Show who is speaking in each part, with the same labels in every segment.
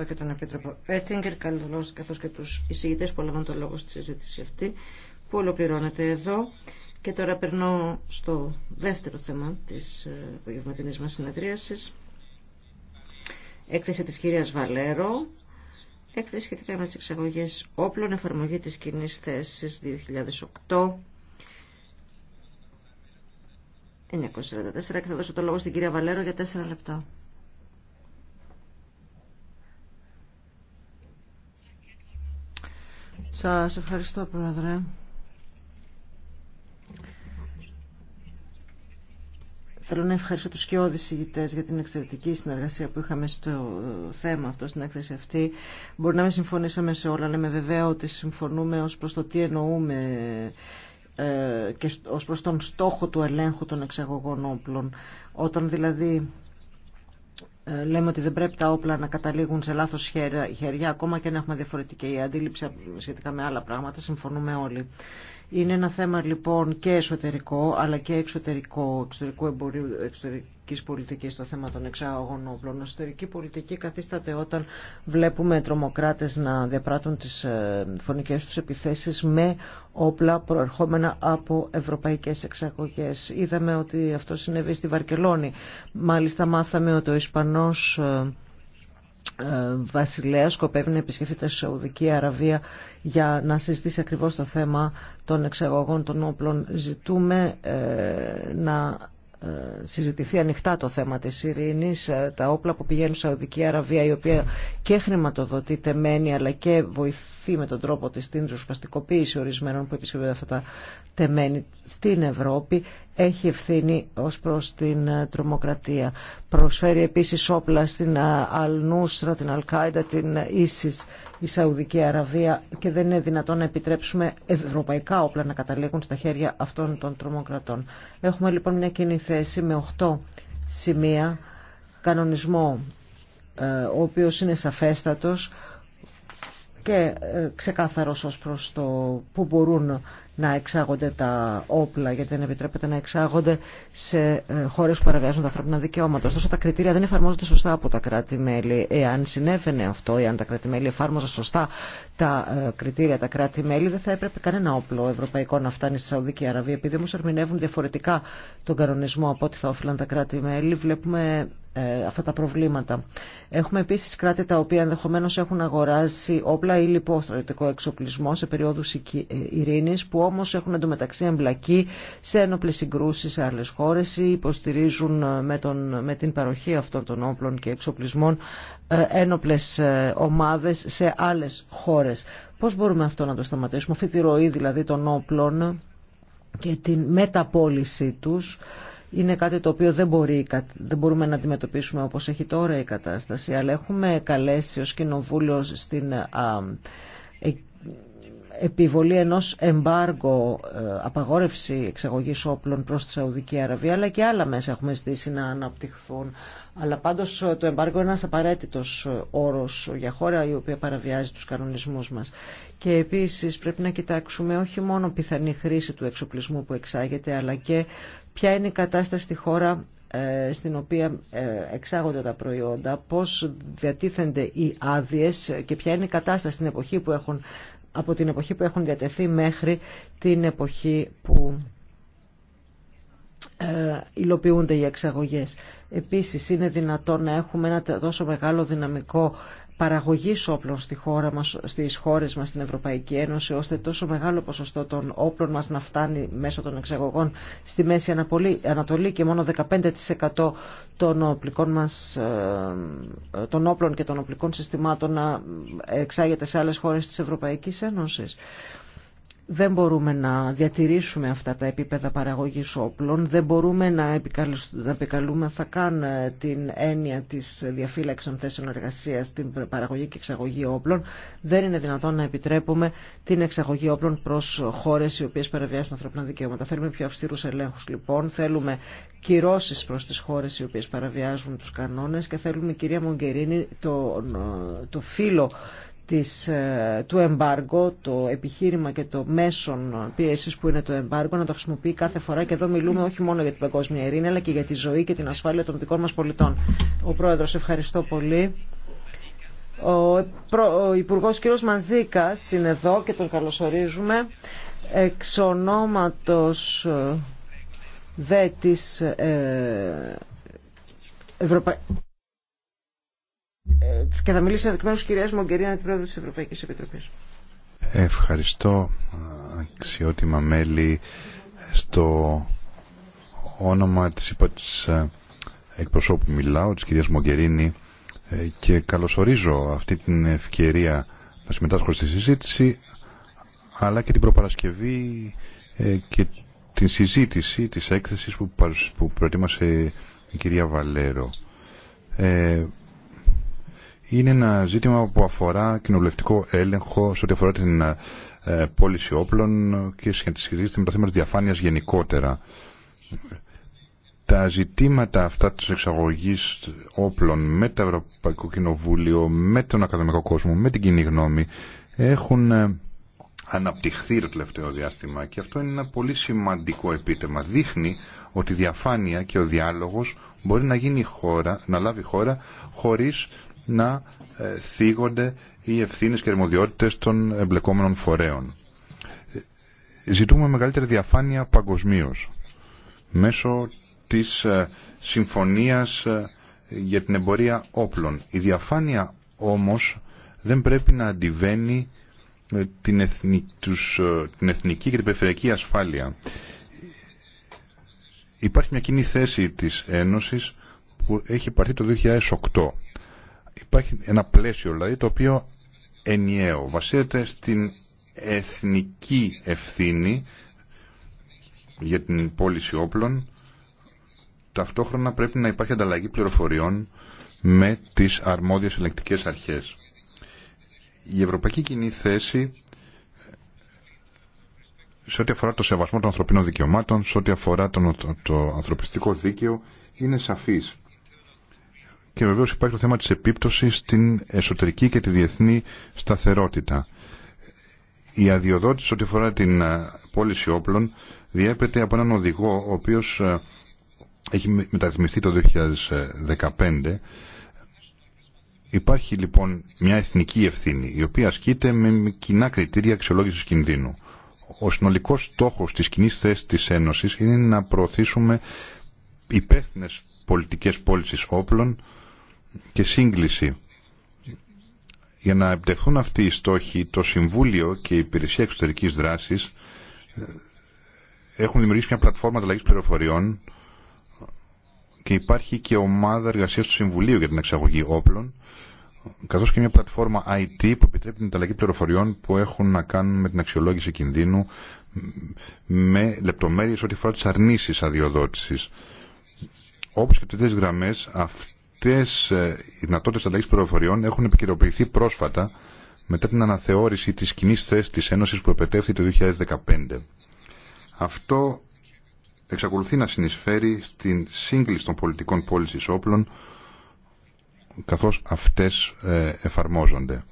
Speaker 1: ευχαριστώ και τον Επίτροπο Έτσιγκερ καλώς καθώς και τους εισηγητές που έλαβαν το λόγο στη συζήτηση αυτή, που ολοκληρώνεται εδώ. Και τώρα περνώ στο δεύτερο θέμα της ε, απογευματινής μας συνεδρίασης. Έκθεση της κυρίας Βαλέρο, έκθεση σχετικά με τις εξαγωγές όπλων, εφαρμογή της κοινή θέση 2008. 944 και θα δώσω το λόγο στην κυρία Βαλέρο για 4 λεπτά. Σας ευχαριστώ, Πρόεδρε. Θέλω να ευχαριστώ τους και ηγητές για την εξαιρετική συνεργασία που είχαμε στο θέμα αυτό, στην έκθεση αυτή. Μπορεί να μην συμφωνήσαμε σε όλα, αλλά είμαι βεβαία ότι συμφωνούμε ως προς το τι εννοούμε ε, και ως προς τον στόχο του ελέγχου των εξαγωγών όπλων. Όταν δηλαδή ε, λέμε ότι δεν πρέπει τα όπλα να καταλήγουν σε λάθος χέρια, ακόμα και να έχουμε διαφορετική αντίληψη σχετικά με άλλα πράγματα, συμφωνούμε όλοι. Είναι ένα θέμα λοιπόν και εσωτερικό αλλά και εξωτερικό, εξωτερικού εμπορίου, εξωτερικής πολιτικής στο θέμα των εξάγων όπλων. Εσωτερική πολιτική καθίσταται όταν βλέπουμε τρομοκράτες να διαπράττουν τις ε, φωνικές τους επιθέσεις με όπλα προερχόμενα από ευρωπαϊκές εξαγωγές. Είδαμε ότι αυτό συνέβη στη Βαρκελόνη. Μάλιστα μάθαμε ότι ο Ισπανός ε, ε, βασιλέα σκοπεύει να επισκεφθεί τη Σαουδική Αραβία για να συζητήσει ακριβώς το θέμα των εξαγωγών των όπλων. Ζητούμε ε, να συζητηθεί ανοιχτά το θέμα της ειρήνης, ε, τα όπλα που πηγαίνουν Σαουδική Αραβία η οποία και χρηματοδοτεί τεμένη αλλά και βοηθεί με τον τρόπο της την ρουσπαστικοποίηση ορισμένων που επισκευούνται αυτά τα τεμένη στην Ευρώπη έχει ευθύνη ως προς την ε, τρομοκρατία. Προσφέρει επίσης όπλα στην ε, Αλνούστρα, την Αλκάιντα, την Ίσης η Σαουδική Αραβία και δεν είναι δυνατόν να επιτρέψουμε ευρωπαϊκά όπλα να καταλήγουν στα χέρια αυτών των τρομοκρατών. Έχουμε λοιπόν μια κοινή θέση με 8 σημεία κανονισμό ε, ο οποίος είναι σαφέστατος και ε, ξεκάθαρος ως προς το που μπορούν να εξάγονται τα όπλα, γιατί δεν επιτρέπεται να εξάγονται σε ε, χώρε που παραβιάζουν τα ανθρώπινα δικαιώματα. Ωστόσο, τα κριτήρια δεν εφαρμόζονται σωστά από τα κράτη-μέλη. Εάν συνέβαινε αυτό, εάν τα κράτη-μέλη εφάρμοζαν σωστά τα ε, κριτήρια, τα κράτη-μέλη, δεν θα έπρεπε κανένα όπλο ευρωπαϊκό να φτάνει στη Σαουδική Αραβία. Επειδή όμω ερμηνεύουν διαφορετικά τον κανονισμό από ό,τι θα όφυλαν τα κράτη-μέλη, βλέπουμε ε, αυτά τα προβλήματα. Έχουμε επίση κράτη τα οποία ενδεχομένω έχουν αγοράσει όπλα ή λοιπόν στρατιωτικό εξοπλισμό σε περίοδου ειρήνη που όμως έχουν εντωμεταξύ εμπλακεί σε ένοπλες συγκρούσεις σε άλλες χώρες ή υποστηρίζουν ε, με, τον, με την παροχή αυτών των όπλων και εξοπλισμών ε, ένοπλες ε, ομάδες σε άλλες χώρες. Πώς μπορούμε αυτό να το σταματήσουμε, αυτή τη ροή δηλαδή των όπλων και την μεταπόλησή τους είναι κάτι το οποίο δεν, μπορεί, δεν μπορούμε να αντιμετωπίσουμε όπως έχει τώρα η κατάσταση αλλά έχουμε καλέσει ως Κοινοβούλιο στην επιβολή ενός εμπάργου ε, απαγόρευση εξαγωγής όπλων προς τη Σαουδική Αραβία αλλά και άλλα μέσα έχουμε ζητήσει να αναπτυχθούν αλλά πάντως ε, το εμπάργο είναι ένας απαραίτητος ε, όρος για χώρα η οποία παραβιάζει τους κανονισμούς μας και επίσης πρέπει να κοιτάξουμε όχι μόνο πιθανή χρήση του εξοπλισμού που εξάγεται αλλά και ποια είναι η κατάσταση στη χώρα στην οποία εξάγονται τα προϊόντα, πώς διατίθενται οι άδειες και ποια είναι η κατάσταση στην εποχή που έχουν από την εποχή που έχουν διατεθεί μέχρι την εποχή που ε, υλοποιούνται οι εξαγωγές. Επίσης είναι δυνατόν να έχουμε ένα τόσο μεγάλο δυναμικό παραγωγής όπλων στη χώρα μας, στις χώρες μας στην Ευρωπαϊκή Ένωση ώστε τόσο μεγάλο ποσοστό των όπλων μας να φτάνει μέσω των εξαγωγών στη Μέση Ανατολή και μόνο 15% των, οπλικών μας, ε, ε, των όπλων και των οπλικών συστημάτων να ε, εξάγεται σε άλλες χώρες της Ευρωπαϊκής Ένωσης δεν μπορούμε να διατηρήσουμε αυτά τα επίπεδα παραγωγής όπλων, δεν μπορούμε να, να επικαλούμε θα καν ε, την έννοια της διαφύλαξης θέσεων εργασίας στην παραγωγή και εξαγωγή όπλων. Δεν είναι δυνατόν να επιτρέπουμε την εξαγωγή όπλων προς χώρες οι οποίες παραβιάζουν ανθρώπινα δικαιώματα. Θέλουμε πιο αυστηρούς ελέγχους λοιπόν, θέλουμε κυρώσεις προς τις χώρες οι οποίες παραβιάζουν τους κανόνες και θέλουμε κυρία Μογκερίνη το, ε, το φύλλο της, ε, του εμπάργου, το επιχείρημα και το μέσον πιέση που είναι το εμπάργο, να το χρησιμοποιεί κάθε φορά και εδώ μιλούμε όχι μόνο για την παγκόσμια ειρήνη, αλλά και για τη ζωή και την ασφάλεια των δικών μας πολιτών. Ο Πρόεδρος, ευχαριστώ πολύ. Ο, ο Υπουργός κ. Μαζίκας είναι εδώ και τον καλωσορίζουμε. Εξ ονόματος ε, δε της ε, Ευρωπαϊκής... Ε, και θα μιλήσει εκ μέρους κυρίας κυρία Μογκερίνα, την πρόεδρο τη Ευρωπαϊκή Επιτροπή.
Speaker 2: Ευχαριστώ, αξιότιμα μέλη, στο όνομα της ε, εκπροσώπου μιλάω, της κυρίας Μογκερίνη ε, και καλωσορίζω αυτή την ευκαιρία να συμμετάσχω στη συζήτηση αλλά και την προπαρασκευή και την συζήτηση της έκθεσης που προετοίμασε η κυρία Βαλέρο είναι ένα ζήτημα που αφορά κοινοβουλευτικό έλεγχο σε ό,τι αφορά την ε, πώληση όπλων και σχετίζεται με το θέμα της διαφάνειας γενικότερα. Τα ζητήματα αυτά της εξαγωγής όπλων με το Ευρωπαϊκό Κοινοβούλιο, με τον ακαδημαϊκό κόσμο, με την κοινή γνώμη, έχουν ε, αναπτυχθεί το τελευταίο διάστημα και αυτό είναι ένα πολύ σημαντικό επίτευγμα. Δείχνει ότι η διαφάνεια και ο διάλογος μπορεί να, γίνει χώρα, να λάβει χώρα χωρίς να ε, θίγονται οι ευθύνε και αρμοδιότητε των εμπλεκόμενων φορέων. Ε, ζητούμε μεγαλύτερη διαφάνεια παγκοσμίω μέσω της ε, συμφωνίας για την εμπορία όπλων. Η διαφάνεια όμως δεν πρέπει να αντιβαίνει την, εθνική, την εθνική και την περιφερειακή ασφάλεια. Υπάρχει μια κοινή θέση της Ένωσης που έχει πάρθει το 2008 υπάρχει ένα πλαίσιο δηλαδή το οποίο ενιαίο βασίζεται στην εθνική ευθύνη για την πώληση όπλων ταυτόχρονα πρέπει να υπάρχει ανταλλαγή πληροφοριών με τις αρμόδιες ελεκτικές αρχές. Η ευρωπαϊκή κοινή θέση σε ό,τι αφορά το σεβασμό των ανθρωπίνων δικαιωμάτων, σε ό,τι αφορά το, το, το ανθρωπιστικό δίκαιο, είναι σαφής και βεβαίω υπάρχει το θέμα της επίπτωσης στην εσωτερική και τη διεθνή σταθερότητα. Η αδειοδότηση ό,τι αφορά την ε, πώληση όπλων διέπεται από έναν οδηγό ο οποίος ε, έχει μεταρρυθμιστεί το 2015. Υπάρχει λοιπόν μια εθνική ευθύνη η οποία ασκείται με κοινά κριτήρια αξιολόγησης κινδύνου. Ο συνολικό στόχο τη κοινή θέση τη Ένωση είναι να προωθήσουμε υπεύθυνε πολιτικέ πώληση όπλων και σύγκληση. Για να επιτευχθούν αυτοί οι στόχοι, το Συμβούλιο και η Υπηρεσία εξωτερική δράση ε, έχουν δημιουργήσει μια πλατφόρμα ανταλλαγή πληροφοριών και υπάρχει και ομάδα εργασία του Συμβουλίου για την εξαγωγή όπλων καθώ και μια πλατφόρμα IT που επιτρέπει την ανταλλαγή πληροφοριών που έχουν να κάνουν με την αξιολόγηση κινδύνου με λεπτομέρειε ό,τι φορά τι αρνήσει αδειοδότηση Όπω και δύο γραμμέ, αυτή Αυτές ε, οι δυνατότητες αλλαγής πληροφοριών έχουν επικαιροποιηθεί πρόσφατα μετά την αναθεώρηση της κοινή θέση της Ένωσης που επετεύθη το 2015. Αυτό εξακολουθεί να συνεισφέρει στην σύγκληση των πολιτικών πώλησης όπλων καθώς αυτές ε, εφαρμόζονται.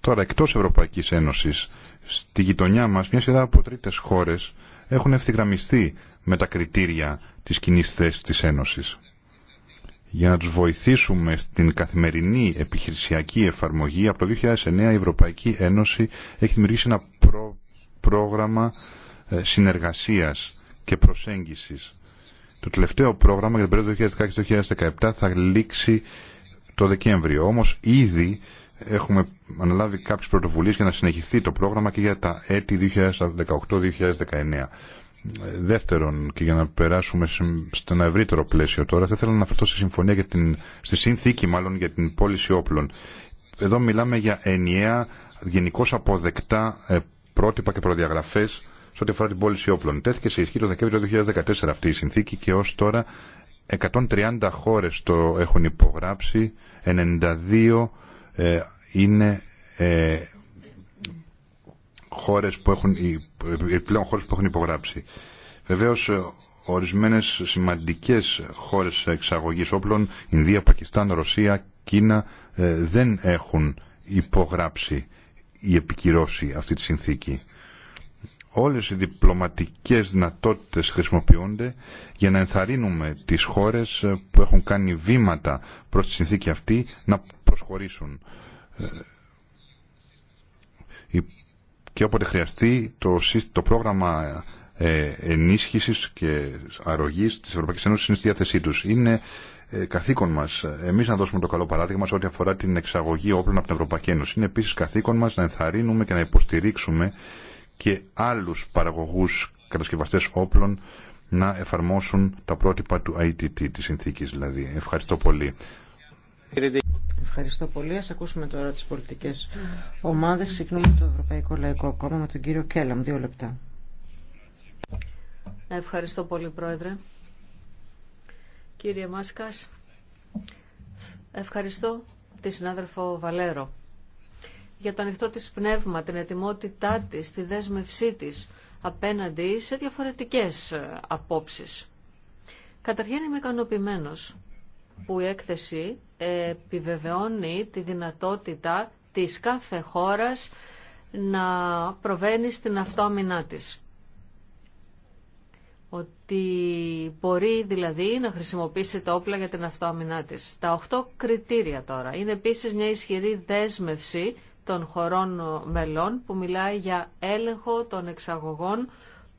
Speaker 2: Τώρα, εκτός Ευρωπαϊκής Ένωσης, στη γειτονιά μας, μια σειρά από τρίτες χώρες έχουν ευθυγραμμιστεί με τα κριτήρια της κοινή θέση της Ένωσης. Για να τους βοηθήσουμε στην καθημερινή επιχειρησιακή εφαρμογή, από το 2009 η Ευρωπαϊκή Ένωση έχει δημιουργήσει ένα προ... πρόγραμμα ε, συνεργασίας και προσέγγισης. Το τελευταίο πρόγραμμα για την περίοδο 2016-2017 θα λήξει το Δεκέμβριο. Όμως ήδη έχουμε αναλάβει κάποιες πρωτοβουλίες για να συνεχιστεί το πρόγραμμα και για τα έτη 2018-2019. Δεύτερον, και για να περάσουμε στον ένα ευρύτερο πλαίσιο τώρα, θα ήθελα να αναφερθώ στη συμφωνία για την, στη συνθήκη μάλλον για την πώληση όπλων. Εδώ μιλάμε για ενιαία, γενικώ αποδεκτά ε, πρότυπα και προδιαγραφέ σε ό,τι αφορά την πώληση όπλων. Τέθηκε σε ισχύ το Δεκέμβριο του 2014 αυτή η συνθήκη και ω τώρα 130 χώρε το έχουν υπογράψει, 92 ε, είναι ε, χώρες που έχουν, οι ε, πλέον χώρες που έχουν υπογράψει. Βεβαίως ε, ορισμένες σημαντικές χώρες εξαγωγής όπλων, Ινδία, Πακιστάν, Ρωσία, Κίνα ε, δεν έχουν υπογράψει ή επικυρώσει αυτή τη συνθήκη. Όλες οι διπλωματικές δυνατότητες χρησιμοποιούνται για να ενθαρρύνουμε τις χώρες που έχουν κάνει βήματα προς τη συνθήκη αυτή να προσχωρήσουν και όποτε χρειαστεί το, το πρόγραμμα ε, ενίσχυσης και αρρωγής της Ευρωπαϊκής Ένωσης είναι στη διάθεσή τους. Είναι ε, καθήκον μας ε, εμείς να δώσουμε το καλό παράδειγμα σε ό,τι αφορά την εξαγωγή όπλων από την Ευρωπαϊκή Ένωση. Είναι επίσης καθήκον μας να ενθαρρύνουμε και να υποστηρίξουμε και άλλους παραγωγούς κατασκευαστές όπλων να εφαρμόσουν τα πρότυπα του ITT, της συνθήκης δηλαδή. Ευχαριστώ πολύ.
Speaker 1: Ευχαριστώ πολύ. Ας ακούσουμε τώρα τις πολιτικές ομάδες. Συγγνώμη το Ευρωπαϊκό Λαϊκό Κόμμα με τον κύριο Κέλαμ. Δύο λεπτά.
Speaker 3: Ευχαριστώ πολύ, Πρόεδρε. Κύριε Μάσκας, ευχαριστώ τη συνάδελφο Βαλέρο για το ανοιχτό της πνεύμα, την ετοιμότητά της, τη δέσμευσή της απέναντι σε διαφορετικές ε, απόψεις. Καταρχήν είμαι ικανοποιημένο που η έκθεση επιβεβαιώνει τη δυνατότητα της κάθε χώρας να προβαίνει στην αυτοάμυνά της. Ότι μπορεί δηλαδή να χρησιμοποιήσει τα όπλα για την αυτοάμυνά της. Τα οχτώ κριτήρια τώρα. Είναι επίσης μια ισχυρή δέσμευση των χωρών μελών που μιλάει για έλεγχο των εξαγωγών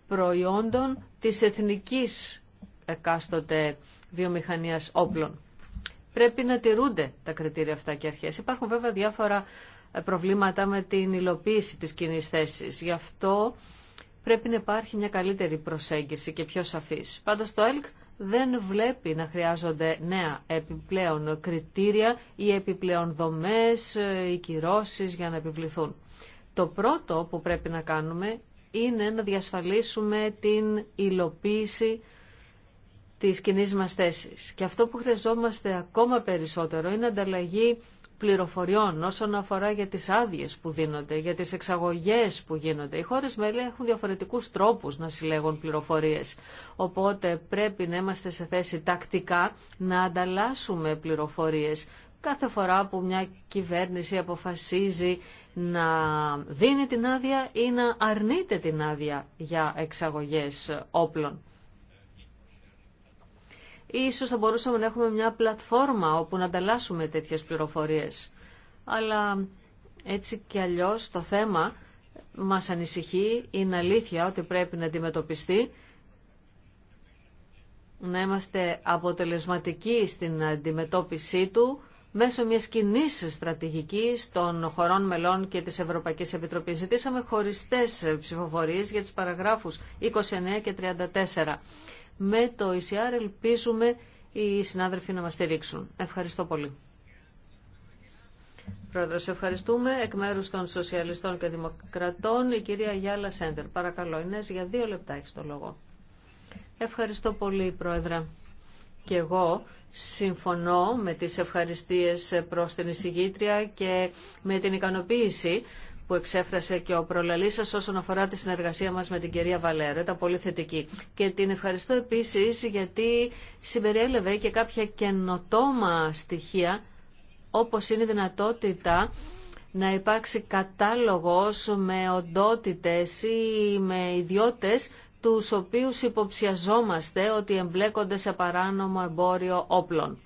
Speaker 3: προϊόντων της εθνικής εκάστοτε βιομηχανίας όπλων πρέπει να τηρούνται τα κριτήρια αυτά και αρχές. Υπάρχουν βέβαια διάφορα ε, προβλήματα με την υλοποίηση της κοινή θέση. Γι' αυτό πρέπει να υπάρχει μια καλύτερη προσέγγιση και πιο σαφής. Πάντως το ΕΛΚ δεν βλέπει να χρειάζονται νέα επιπλέον κριτήρια ή επιπλέον δομές ε, ή κυρώσεις για να επιβληθούν. Το πρώτο που πρέπει να κάνουμε είναι να διασφαλίσουμε την υλοποίηση της κοινέ μας θέσης. Και αυτό που χρειαζόμαστε ακόμα περισσότερο είναι ανταλλαγή πληροφοριών όσον αφορά για τις άδειες που δίνονται, για τις εξαγωγές που γίνονται. Οι χώρες μέλη έχουν διαφορετικούς τρόπους να συλλέγουν πληροφορίες. Οπότε πρέπει να είμαστε σε θέση τακτικά να ανταλλάσσουμε πληροφορίες κάθε φορά που μια κυβέρνηση αποφασίζει να δίνει την άδεια ή να αρνείται την άδεια για εξαγωγές όπλων. Ίσως θα μπορούσαμε να έχουμε μια πλατφόρμα όπου να ανταλλάσσουμε τέτοιες πληροφορίες. Αλλά έτσι κι αλλιώς το θέμα μας ανησυχεί, είναι αλήθεια ότι πρέπει να αντιμετωπιστεί, να είμαστε αποτελεσματικοί στην αντιμετώπιση του μέσω μιας κοινή στρατηγικής των χωρών μελών και της Ευρωπαϊκής Επιτροπής. Ζητήσαμε χωριστές ψηφοφορίες για τους παραγράφους 29 και 34 με το ECR ελπίζουμε οι συνάδελφοι να μας στηρίξουν. Ευχαριστώ πολύ. Πρόεδρο, ευχαριστούμε. Εκ μέρου των Σοσιαλιστών και Δημοκρατών, η κυρία Γιάλα Σέντερ. Παρακαλώ, Ινέ, για δύο λεπτά έχει το λόγο. Ευχαριστώ πολύ, Πρόεδρε. Και εγώ συμφωνώ με τις ευχαριστίες προς την εισηγήτρια και με την ικανοποίηση που εξέφρασε και ο προλαλής σας όσον αφορά τη συνεργασία μας με την κυρία Βαλέρο. Ήταν πολύ θετική. Και την ευχαριστώ επίσης γιατί συμπεριέλευε και κάποια καινοτόμα στοιχεία όπως είναι η δυνατότητα να υπάρξει κατάλογος με οντότητες ή με ιδιώτες τους οποίους υποψιαζόμαστε ότι εμπλέκονται σε παράνομο εμπόριο όπλων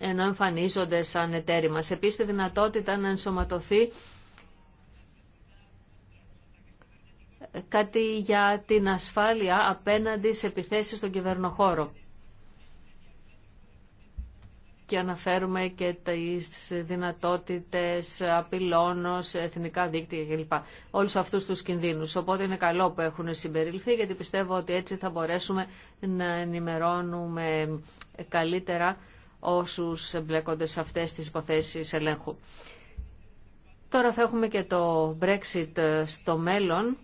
Speaker 3: ενώ εμφανίζονται σαν εταίροι μας. Επίσης, τη δυνατότητα να ενσωματωθεί κάτι για την ασφάλεια απέναντι σε επιθέσεις στον κυβερνοχώρο. Και αναφέρουμε και τις δυνατότητες απειλών σε εθνικά δίκτυα κλπ. Όλους αυτούς τους κινδύνους. Οπότε είναι καλό που έχουν συμπεριληφθεί γιατί πιστεύω ότι έτσι θα μπορέσουμε να ενημερώνουμε καλύτερα όσους εμπλέκονται σε αυτές τις υποθέσεις ελέγχου. Τώρα θα έχουμε και το Brexit ε, στο μέλλον.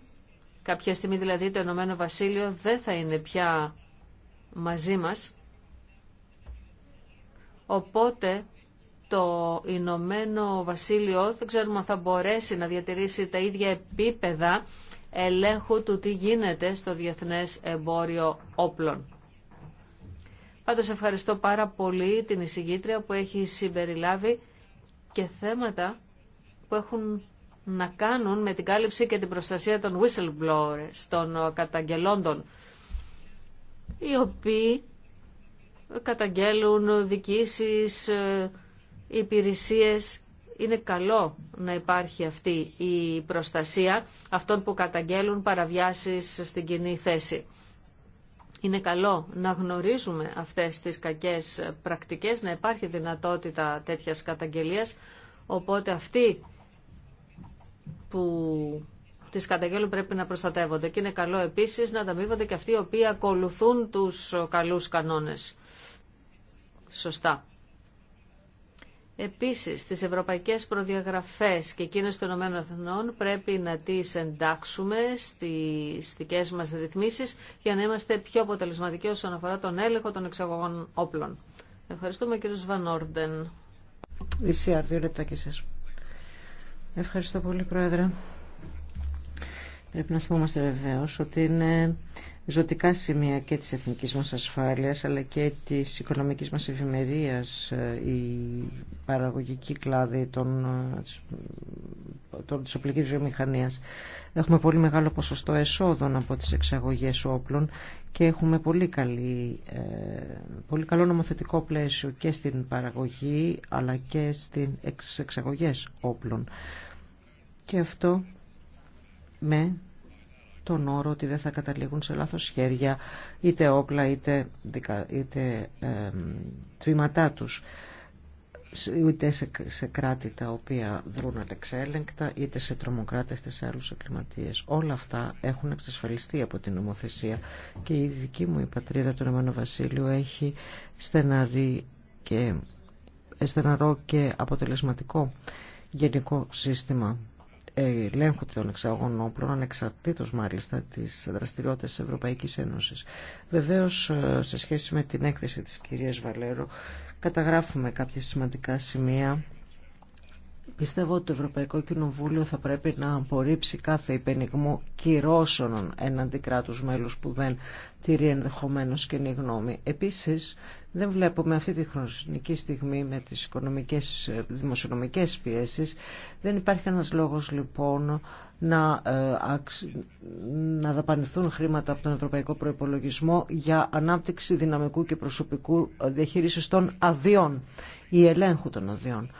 Speaker 3: Κάποια στιγμή δηλαδή το Ηνωμένο Βασίλειο δεν θα είναι πια μαζί μας. Οπότε το Ηνωμένο Βασίλειο δεν ξέρουμε αν θα μπορέσει να διατηρήσει τα ίδια επίπεδα ελέγχου του τι γίνεται στο διεθνές εμπόριο όπλων. Πάντως ευχαριστώ πάρα πολύ την εισηγήτρια που έχει συμπεριλάβει και θέματα που έχουν να κάνουν με την κάλυψη και την προστασία των whistleblowers, των καταγγελόντων, οι οποίοι καταγγέλουν δικήσεις, ε, υπηρεσίες. Είναι καλό να υπάρχει αυτή η προστασία αυτών που καταγγέλουν παραβιάσεις στην κοινή θέση είναι καλό να γνωρίζουμε αυτές τις κακές πρακτικές, να υπάρχει δυνατότητα τέτοιας καταγγελίας, οπότε αυτοί που τις καταγγέλουν πρέπει να προστατεύονται. Και είναι καλό επίσης να ταμείβονται και αυτοί οι οποίοι ακολουθούν τους καλούς κανόνες. Σωστά. Επίσης, τις ευρωπαϊκές προδιαγραφές και εκείνες των ΗΠΑ πρέπει να τις εντάξουμε στις δικές μας ρυθμίσεις για να είμαστε πιο αποτελεσματικοί όσον αφορά τον έλεγχο των εξαγωγών όπλων. Ευχαριστούμε κύριο Βανόρντεν.
Speaker 1: δύο λεπτά Ευχαριστώ πολύ Πρόεδρε. Πρέπει να θυμόμαστε βεβαίω ότι είναι ζωτικά σημεία και της εθνικής μας ασφάλειας αλλά και της οικονομικής μας ευημερίας ε, η παραγωγική κλάδη των, ε, των, της οπλικής βιομηχανίας. Έχουμε πολύ μεγάλο ποσοστό εσόδων από τις εξαγωγές όπλων και έχουμε πολύ, καλή, ε, πολύ καλό νομοθετικό πλαίσιο και στην παραγωγή αλλά και στις εξαγωγές όπλων. Και αυτό με τον όρο ότι δεν θα καταλήγουν σε λάθος χέρια είτε όπλα είτε, είτε τμήματά τους είτε σε, κράτη τα οποία δρούν ανεξέλεγκτα είτε σε τρομοκράτες είτε σε άλλους εγκληματίες. Όλα αυτά έχουν εξασφαλιστεί από την νομοθεσία και η δική μου η πατρίδα του Ρωμανού Βασίλειου έχει στεναρή και στεναρό και αποτελεσματικό γενικό σύστημα ελέγχονται των εξαγών όπλων ανεξαρτήτως μάλιστα της δραστηριότητας της Ευρωπαϊκής Ένωσης. Βεβαίως ε, σε σχέση με την έκθεση της κυρίας Βαλέρο καταγράφουμε κάποια σημαντικά σημεία Πιστεύω ότι το Ευρωπαϊκό Κοινοβούλιο θα πρέπει να απορρίψει κάθε υπενιγμό κυρώσεων εναντί κράτου μέλου που δεν τηρεί ενδεχομένω κοινή γνώμη. Επίσης, δεν βλέπουμε αυτή τη χρονική στιγμή με τι οικονομικές, δημοσιονομικές πιέσεις. Δεν υπάρχει ένα λόγος λοιπόν να, ε, να δαπανηθούν χρήματα από τον Ευρωπαϊκό Προϋπολογισμό για ανάπτυξη δυναμικού και προσωπικού διαχείρισης των αδειών ή ελέγχου των αδειών.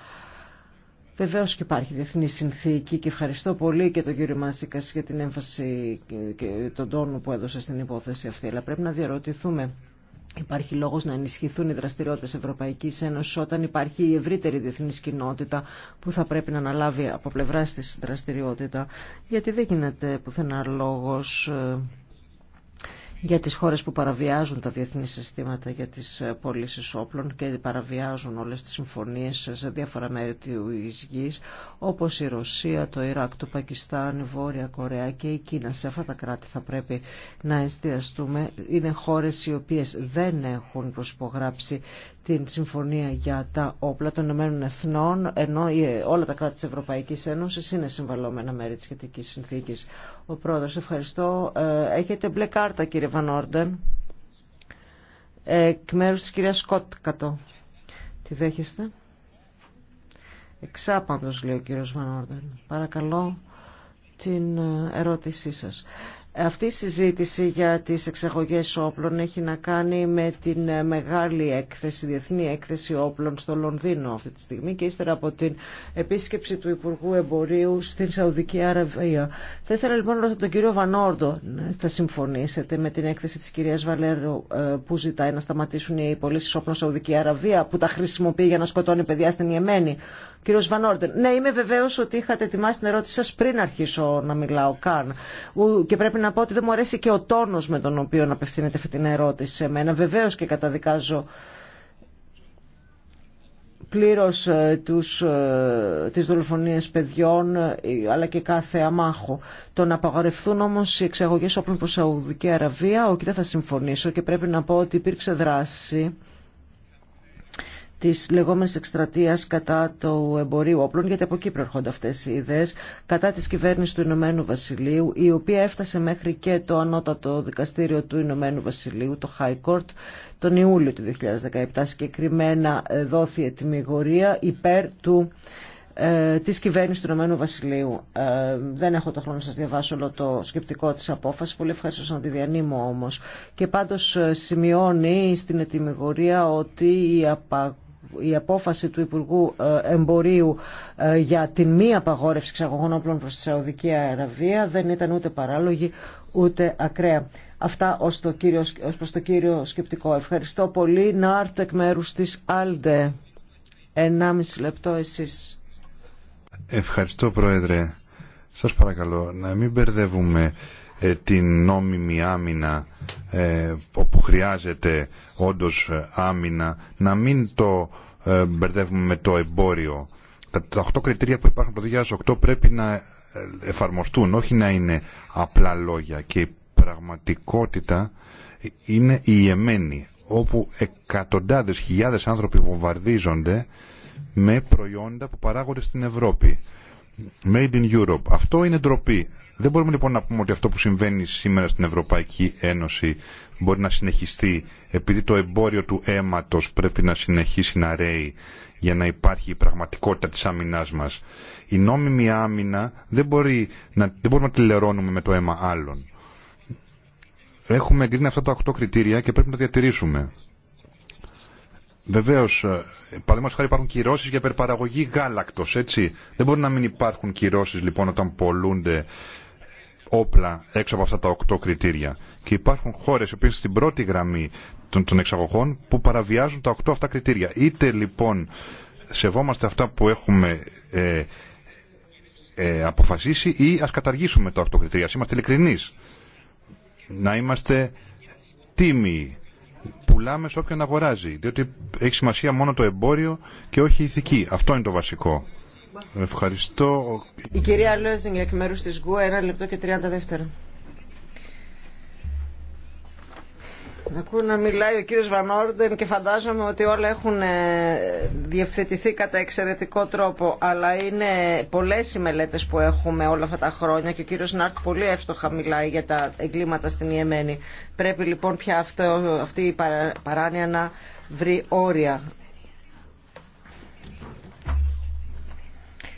Speaker 1: Βεβαίως και υπάρχει διεθνή συνθήκη και ευχαριστώ πολύ και τον κύριο Μάστικας για την έμφαση και τον τόνο που έδωσε στην υπόθεση αυτή. Αλλά πρέπει να διαρωτηθούμε. Υπάρχει λόγος να ενισχυθούν οι δραστηριότητες Ευρωπαϊκής Ένωσης όταν υπάρχει η ευρύτερη διεθνή κοινότητα που θα πρέπει να αναλάβει από πλευρά της δραστηριότητα γιατί δεν γίνεται πουθενά λόγος ε, για τις χώρες που παραβιάζουν τα διεθνή συστήματα για τις ε, πωλήσει όπλων και παραβιάζουν όλες τις συμφωνίες σε διάφορα μέρη της γης, όπως η Ρωσία, το Ιράκ, το Πακιστάν, η Βόρεια Κορέα και η Κίνα. Σε αυτά τα κράτη θα πρέπει να εστιαστούμε. Είναι χώρες οι οποίες δεν έχουν προσπογράψει την Συμφωνία για τα Όπλα των Ηνωμένων Εθνών, ενώ όλα τα κράτη της Ευρωπαϊκής Ένωσης είναι συμβαλόμενα μέρη της σχετικής συνθήκης. Ο πρόεδρος, ευχαριστώ. Ε, έχετε μπλε κάρτα, κύριε Βανόρντεν. Εκ μέρους της κυρία Σκότ, κατώ. Τη δέχεστε. Εξάπαντος, λέει ο κύριος Βανόρντεν. Παρακαλώ την ε, ερώτησή σας. Αυτή η συζήτηση για τις εξαγωγές όπλων έχει να κάνει με την μεγάλη έκθεση, διεθνή έκθεση όπλων στο Λονδίνο αυτή τη στιγμή και ύστερα από την επίσκεψη του Υπουργού Εμπορίου στην Σαουδική Αραβία. Θα ήθελα λοιπόν να ρωτήσω τον κύριο Βανόρντο, θα συμφωνήσετε με την έκθεση της κυρίας Βαλέρου ε, που ζητάει να σταματήσουν οι πωλήσει όπλων Σαουδική Αραβία που τα χρησιμοποιεί για να σκοτώνει παιδιά στην Ιεμένη. Κύριο Βανόρντεν, ναι, είμαι βεβαίω ότι είχατε ετοιμάσει την ερώτηση σα πριν αρχίσω να μιλάω καν. Και πρέπει να πω ότι δεν μου αρέσει και ο τόνο με τον οποίο να απευθύνεται αυτή την ερώτηση σε μένα. Βεβαίω και καταδικάζω πλήρως ε, τους, ε, τις δολοφονίες παιδιών ε, αλλά και κάθε αμάχο. Το να απαγορευτούν όμως οι εξαγωγές όπλων προς Σαουδική Αραβία, όχι δεν θα συμφωνήσω και πρέπει να πω ότι υπήρξε δράση της λεγόμενης εκστρατείας κατά το εμπορίου όπλων, γιατί από εκεί προερχόνται αυτές οι ιδέες, κατά της κυβέρνησης του Ηνωμένου Βασιλείου, η οποία έφτασε μέχρι και το ανώτατο δικαστήριο του Ηνωμένου Βασιλείου, το High Court, τον Ιούλιο του 2017 συγκεκριμένα ε, δόθη ετοιμιγορία υπέρ του Τη ε, της του Ηνωμένου Βασιλείου. Ε, δεν έχω το χρόνο να σας διαβάσω όλο το σκεπτικό της απόφασης, πολύ ευχαριστώ να τη διανύμω όμω. Και πάντως σημειώνει στην ετοιμιγορία ότι η απαγόρευση η απόφαση του Υπουργού ε, Εμπορίου ε, για τη μη απαγόρευση εξαγωγών όπλων προς τη Σαουδική Αραβία δεν ήταν ούτε παράλογη ούτε ακραία. Αυτά ως, το προς το κύριο σκεπτικό. Ευχαριστώ πολύ. Να να εκ μέρους της Άλντε. Ενάμιση λεπτό εσείς.
Speaker 2: Ευχαριστώ Πρόεδρε. Σας παρακαλώ να μην μπερδεύουμε ε, την νόμιμη άμυνα όπου χρειάζεται όντως ε, άμυνα, να μην το ε, μπερδεύουμε με το εμπόριο. Τα 8 κριτήρια που υπάρχουν το 2008 πρέπει να ε, εφαρμοστούν, όχι να είναι απλά λόγια. Και η πραγματικότητα είναι η εμένη, όπου εκατοντάδες χιλιάδες άνθρωποι βομβαρδίζονται με προϊόντα που παράγονται στην Ευρώπη. Made in Europe. Αυτό είναι ντροπή. Δεν μπορούμε λοιπόν να πούμε ότι αυτό που συμβαίνει σήμερα στην Ευρωπαϊκή Ένωση μπορεί να συνεχιστεί επειδή το εμπόριο του αίματος πρέπει να συνεχίσει να ρέει για να υπάρχει η πραγματικότητα της άμυνάς μας. Η νόμιμη άμυνα δεν, μπορεί να, δεν μπορούμε να τηλερώνουμε με το αίμα άλλων. Έχουμε εγκρίνει αυτά τα οκτώ κριτήρια και πρέπει να τα διατηρήσουμε. Βεβαίω, ε, παραδείγματο χάρη υπάρχουν κυρώσει για περιπαραγωγή γάλακτο, έτσι. Δεν μπορεί να μην υπάρχουν κυρώσει λοιπόν όταν πολλούνται όπλα έξω από αυτά τα οκτώ κριτήρια και υπάρχουν χώρε οι οποίε στην πρώτη γραμμή των, εξαγωγών που παραβιάζουν τα οκτώ αυτά κριτήρια. Είτε λοιπόν σεβόμαστε αυτά που έχουμε ε, ε, αποφασίσει ή ας καταργήσουμε τα οκτώ κριτήρια. Ας είμαστε ειλικρινείς. Να είμαστε τίμοι. Πουλάμε σε όποιον αγοράζει. Διότι έχει σημασία μόνο το εμπόριο και όχι η ηθική. Αυτό είναι το βασικό. Ευχαριστώ.
Speaker 1: Η κυρία Λόζινγκ εκ μέρου τη ΓΟΥ, ένα λεπτό και 30 δεύτερα. Ακούω να μιλάει ο κύριος Βανόρντεν και φαντάζομαι ότι όλα έχουν ε, διευθετηθεί κατά εξαιρετικό τρόπο αλλά είναι πολλές οι μελέτε που έχουμε όλα αυτά τα χρόνια και ο κύριος Νάρτ πολύ εύστοχα μιλάει για τα εγκλήματα στην Ιεμένη. Πρέπει λοιπόν πια αυτό, αυτή η παράνοια να βρει όρια.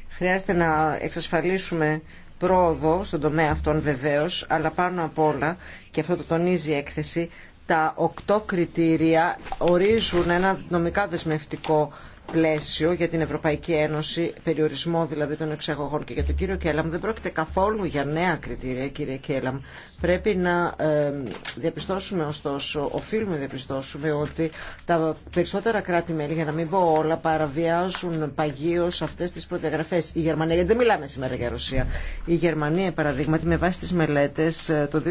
Speaker 1: Χρειάζεται να εξασφαλίσουμε πρόοδο στον τομέα αυτών βεβαίως, αλλά πάνω απ' όλα, και αυτό το τονίζει η έκθεση, τα οκτώ κριτήρια ορίζουν ένα νομικά δεσμευτικό πλαίσιο για την Ευρωπαϊκή Ένωση, περιορισμό δηλαδή των εξαγωγών και για τον κύριο Κέλαμ. Δεν πρόκειται καθόλου για νέα κριτήρια, κύριε Κέλαμ. Πρέπει να ε, διαπιστώσουμε ωστόσο, οφείλουμε να διαπιστώσουμε ότι τα περισσότερα κράτη-μέλη, για να μην πω όλα, παραβιάζουν παγίω αυτέ τι προδιαγραφέ. Η Γερμανία, γιατί δεν μιλάμε σήμερα για Ρωσία. Η Γερμανία, παραδείγματι, με βάση τι μελέτε, ε, το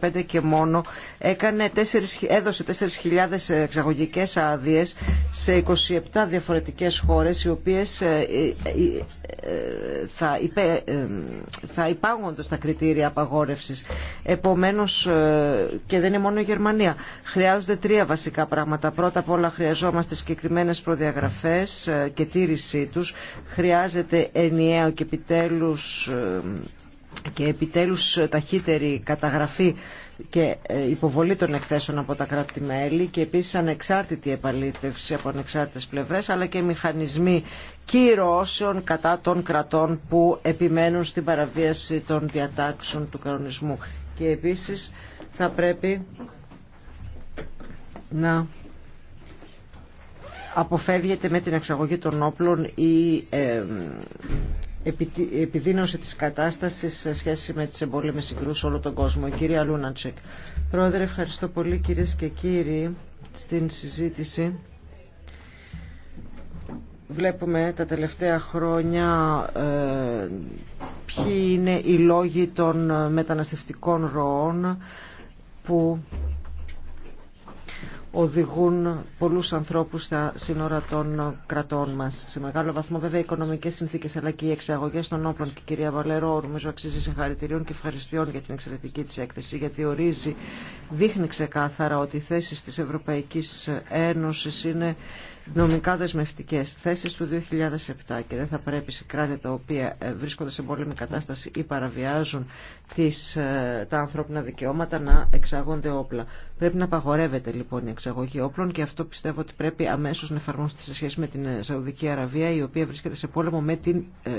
Speaker 1: 2015 και μόνο έκανε 4, έδωσε 4.000 εξαγωγικέ άδειε σε 27 διαφορετικέ χώρε, οι οποίε ε, θα, θα υπάγονται στα κριτήρια απαγόρευση. Επομένως ε, και δεν είναι μόνο η Γερμανία. Χρειάζονται τρία βασικά πράγματα. Πρώτα απ' όλα χρειαζόμαστε συγκεκριμένε προδιαγραφές ε, και τήρησή τους. Χρειάζεται ενιαίο και επιτέλους ε, και επιτέλους ταχύτερη καταγραφή και υποβολή των εκθέσεων από τα κράτη-μέλη και επίσης ανεξάρτητη επαλήτευση από ανεξάρτητες πλευρές αλλά και μηχανισμοί κυρώσεων κατά των κρατών που επιμένουν στην παραβίαση των διατάξεων του κανονισμού και επίσης θα πρέπει να αποφεύγεται με την εξαγωγή των όπλων η επιδείνωση της κατάστασης σε σχέση με τις εμπόλεμες συγκρούσεις όλο τον κόσμο. Η κυρία Λούνατσεκ. Πρόεδρε, ευχαριστώ πολύ κυρίες και κύριοι στην συζήτηση βλέπουμε τα τελευταία χρόνια ε, ποιοι είναι οι λόγοι των μεταναστευτικών ροών που οδηγούν πολλούς ανθρώπους στα σύνορα των κρατών μας. Σε μεγάλο βαθμό βέβαια οι οικονομικές συνθήκες αλλά και οι εξαγωγές των όπλων και κυρία Βαλερό νομίζω αξίζει συγχαρητηρίων και ευχαριστειών για την εξαιρετική της έκθεση γιατί ορίζει, δείχνει ξεκάθαρα ότι οι θέσεις της Ευρωπαϊκής Ένωσης είναι νομικά δεσμευτικέ θέσει του 2007 και δεν θα πρέπει σε κράτη τα οποία ε, βρίσκονται σε πολέμη κατάσταση ή παραβιάζουν τις, ε, τα ανθρώπινα δικαιώματα να εξάγονται όπλα. Πρέπει να απαγορεύεται λοιπόν η εξαγωγή όπλων και αυτό πιστεύω ότι πρέπει αμέσω να εφαρμοστεί σε σχέση με την ε, Σαουδική Αραβία η οποία βρίσκεται σε πόλεμο με την ε,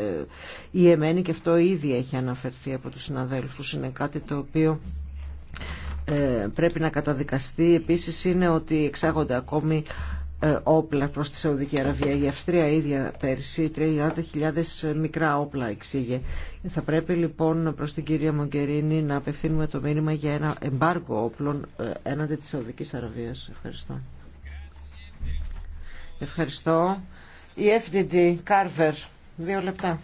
Speaker 1: Ιεμένη και αυτό ήδη έχει αναφερθεί από του συναδέλφου, Είναι κάτι το οποίο πρέπει να καταδικαστεί. Επίσης είναι ότι εξάγονται ακόμη ε, όπλα προς τη Σαουδική Αραβία. Η Αυστρία ίδια πέρσι 30.000 μικρά όπλα εξήγε. Θα πρέπει λοιπόν προς την κυρία Μογκερίνη να απευθύνουμε το μήνυμα για ένα εμπάργκο όπλων ε, έναντι της Σαουδικής Αραβίας. Ευχαριστώ. Ευχαριστώ. Η FDD, Κάρβερ, δύο λεπτά.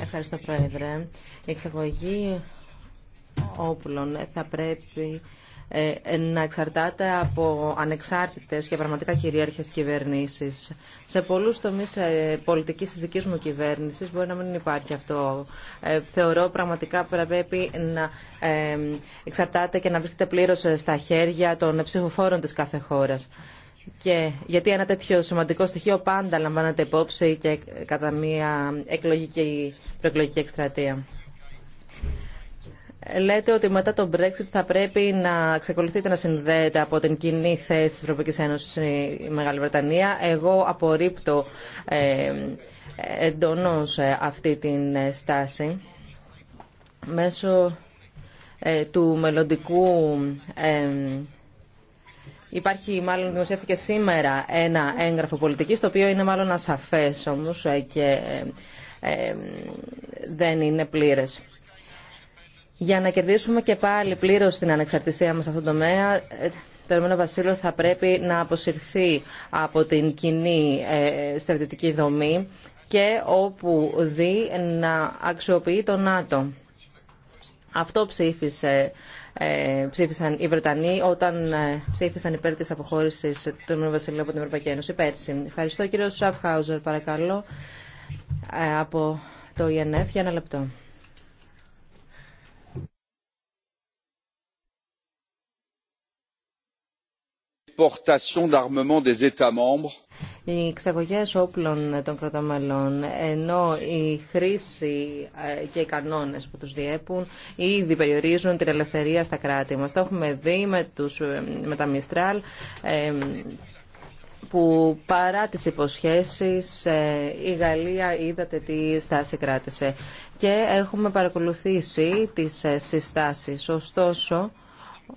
Speaker 4: Ευχαριστώ Πρόεδρε. Η εξαγωγή όπλων θα πρέπει ε, να εξαρτάται από ανεξάρτητες και πραγματικά κυρίαρχες κυβερνήσεις. Σε πολλούς τομείς ε, πολιτικής της δικής μου κυβέρνησης μπορεί να μην υπάρχει αυτό. Ε, θεωρώ πραγματικά πρέπει να εξαρτάται και να βρίσκεται πλήρως στα χέρια των ψηφοφόρων της κάθε χώρας. Και γιατί ένα τέτοιο σημαντικό στοιχείο πάντα λαμβάνεται υπόψη και κατά μία εκλογική, προεκλογική εκστρατεία. Λέτε ότι μετά τον Brexit θα πρέπει να ξεκολουθείτε να συνδέετε από την κοινή θέση της Ευρωπαϊκής Ένωσης η Μεγάλη Βρετανία. Εγώ απορρίπτω ε, εντονώς ε, αυτή την ε, στάση μέσω ε, του μελλοντικού... Υπάρχει μάλλον δημοσιεύτηκε σήμερα ένα έγγραφο πολιτικής, το οποίο είναι μάλλον ασαφές όμως και δεν είναι πλήρες. Για να κερδίσουμε και πάλι πλήρως την ανεξαρτησία μας σε αυτόν τον τομέα, ε, το Ηνωμένο Βασίλειο θα πρέπει να αποσυρθεί από την κοινή ε, στρατιωτική δομή και όπου δει να αξιοποιεί το ΝΑΤΟ. Αυτό ψήφισε, ε, ψήφισαν οι Βρετανοί όταν ψήφισαν υπέρ της αποχώρησης του Ηνωμένου από την Ευρωπαϊκή Ένωση πέρσι. Ευχαριστώ κύριο Σαφχάουζερ, παρακαλώ, από το ΙΕΝΕΦ για ένα λεπτό.
Speaker 5: exportations d'armement des États membres.
Speaker 4: Οι εξαγωγέ όπλων των κρατομελών, ενώ η χρήση ε, και οι κανόνε που του διέπουν ήδη περιορίζουν την ελευθερία στα κράτη μα. Το έχουμε δει με, τους, ε, με τα Μιστράλ, που παρά τις υποσχέσεις ε, η Γαλλία είδατε τι στάση κράτησε. Και έχουμε παρακολουθήσει τις συστάσεις. Ωστόσο,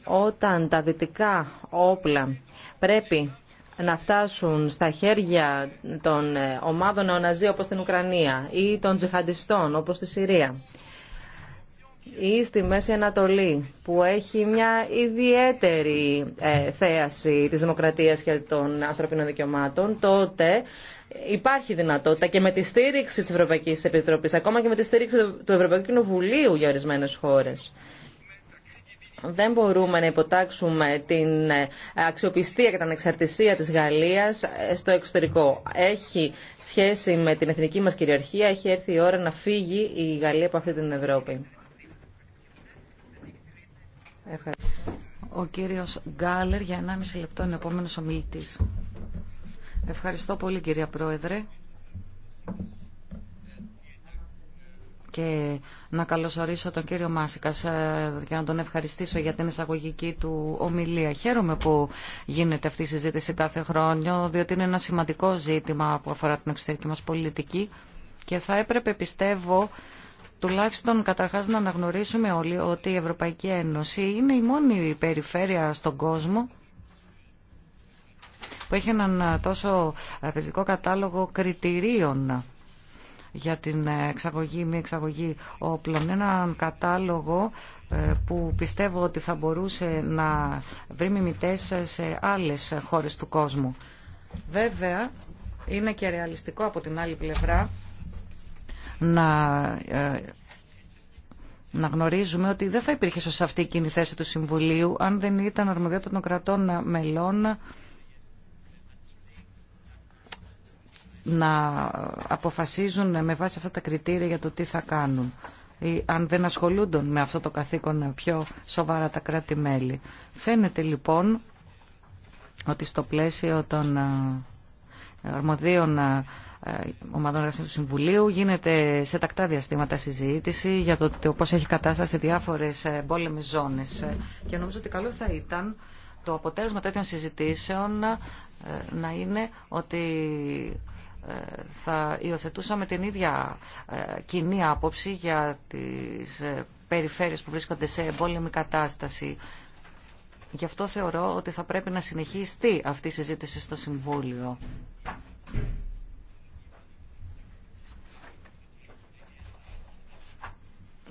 Speaker 4: όταν τα δυτικά όπλα πρέπει να φτάσουν στα χέρια των ε, ομάδων νεοναζί όπως στην Ουκρανία ή των τζιχαντιστών όπως στη Συρία ή στη Μέση Ανατολή που έχει μια ιδιαίτερη ε, θέαση της δημοκρατίας και των ανθρωπίνων δικαιωμάτων τότε υπάρχει δυνατότητα και με τη στήριξη της Ευρωπαϊκής Επιτροπής ακόμα και με τη στήριξη του Ευρωπαϊκού Κοινοβουλίου για ορισμένες χώρες δεν μπορούμε να υποτάξουμε την ε, αξιοπιστία και την ανεξαρτησία της Γαλλίας ε, στο εξωτερικό. Έχει σχέση με την εθνική μας κυριαρχία, έχει έρθει η ώρα να φύγει η Γαλλία από αυτή την Ευρώπη.
Speaker 6: Ο κύριος Γκάλερ για 1,5 λεπτό είναι ο επόμενος ομιλητής. Ευχαριστώ πολύ κυρία Πρόεδρε και να καλωσορίσω τον κύριο Μάσικα ε, και να τον ευχαριστήσω για την εισαγωγική του ομιλία. Χαίρομαι που γίνεται αυτή η συζήτηση κάθε χρόνο, διότι είναι ένα σημαντικό ζήτημα που αφορά την εξωτερική μας πολιτική και θα έπρεπε, πιστεύω, τουλάχιστον καταρχάς να αναγνωρίσουμε όλοι ότι η Ευρωπαϊκή Ένωση είναι η μόνη περιφέρεια στον κόσμο που έχει έναν τόσο απαιτητικό κατάλογο κριτηρίων για την εξαγωγή ή μη εξαγωγή όπλων. Έναν κατάλογο ε, που πιστεύω ότι θα μπορούσε να βρει μιμητές σε άλλες χώρες του κόσμου. Βέβαια, είναι και ρεαλιστικό από την άλλη πλευρά να ε, να γνωρίζουμε ότι δεν θα υπήρχε σε αυτή η κοινή θέση του Συμβουλίου αν δεν ήταν αρμοδιότητα των κρατών μελών να αποφασίζουν με βάση αυτά τα κριτήρια για το τι θα κάνουν ή αν δεν ασχολούνται με αυτό το καθήκον πιο σοβαρά τα κράτη-μέλη. Φαίνεται λοιπόν ότι στο πλαίσιο των ε, αρμοδίων ε, ομάδων εργασίας του Συμβουλίου γίνεται σε τακτά διαστήματα συζήτηση για το πώς έχει κατάσταση διάφορες ε, πόλεμες ζώνες. Και νομίζω ότι καλό θα ήταν το αποτέλεσμα τέτοιων συζητήσεων να είναι ότι ε, θα υιοθετούσαμε την ίδια ε, κοινή άποψη για τις ε, περιφέρειες που βρίσκονται σε εμπόλεμη κατάσταση. Γι' αυτό θεωρώ ότι θα πρέπει να συνεχιστεί αυτή η συζήτηση στο Συμβούλιο.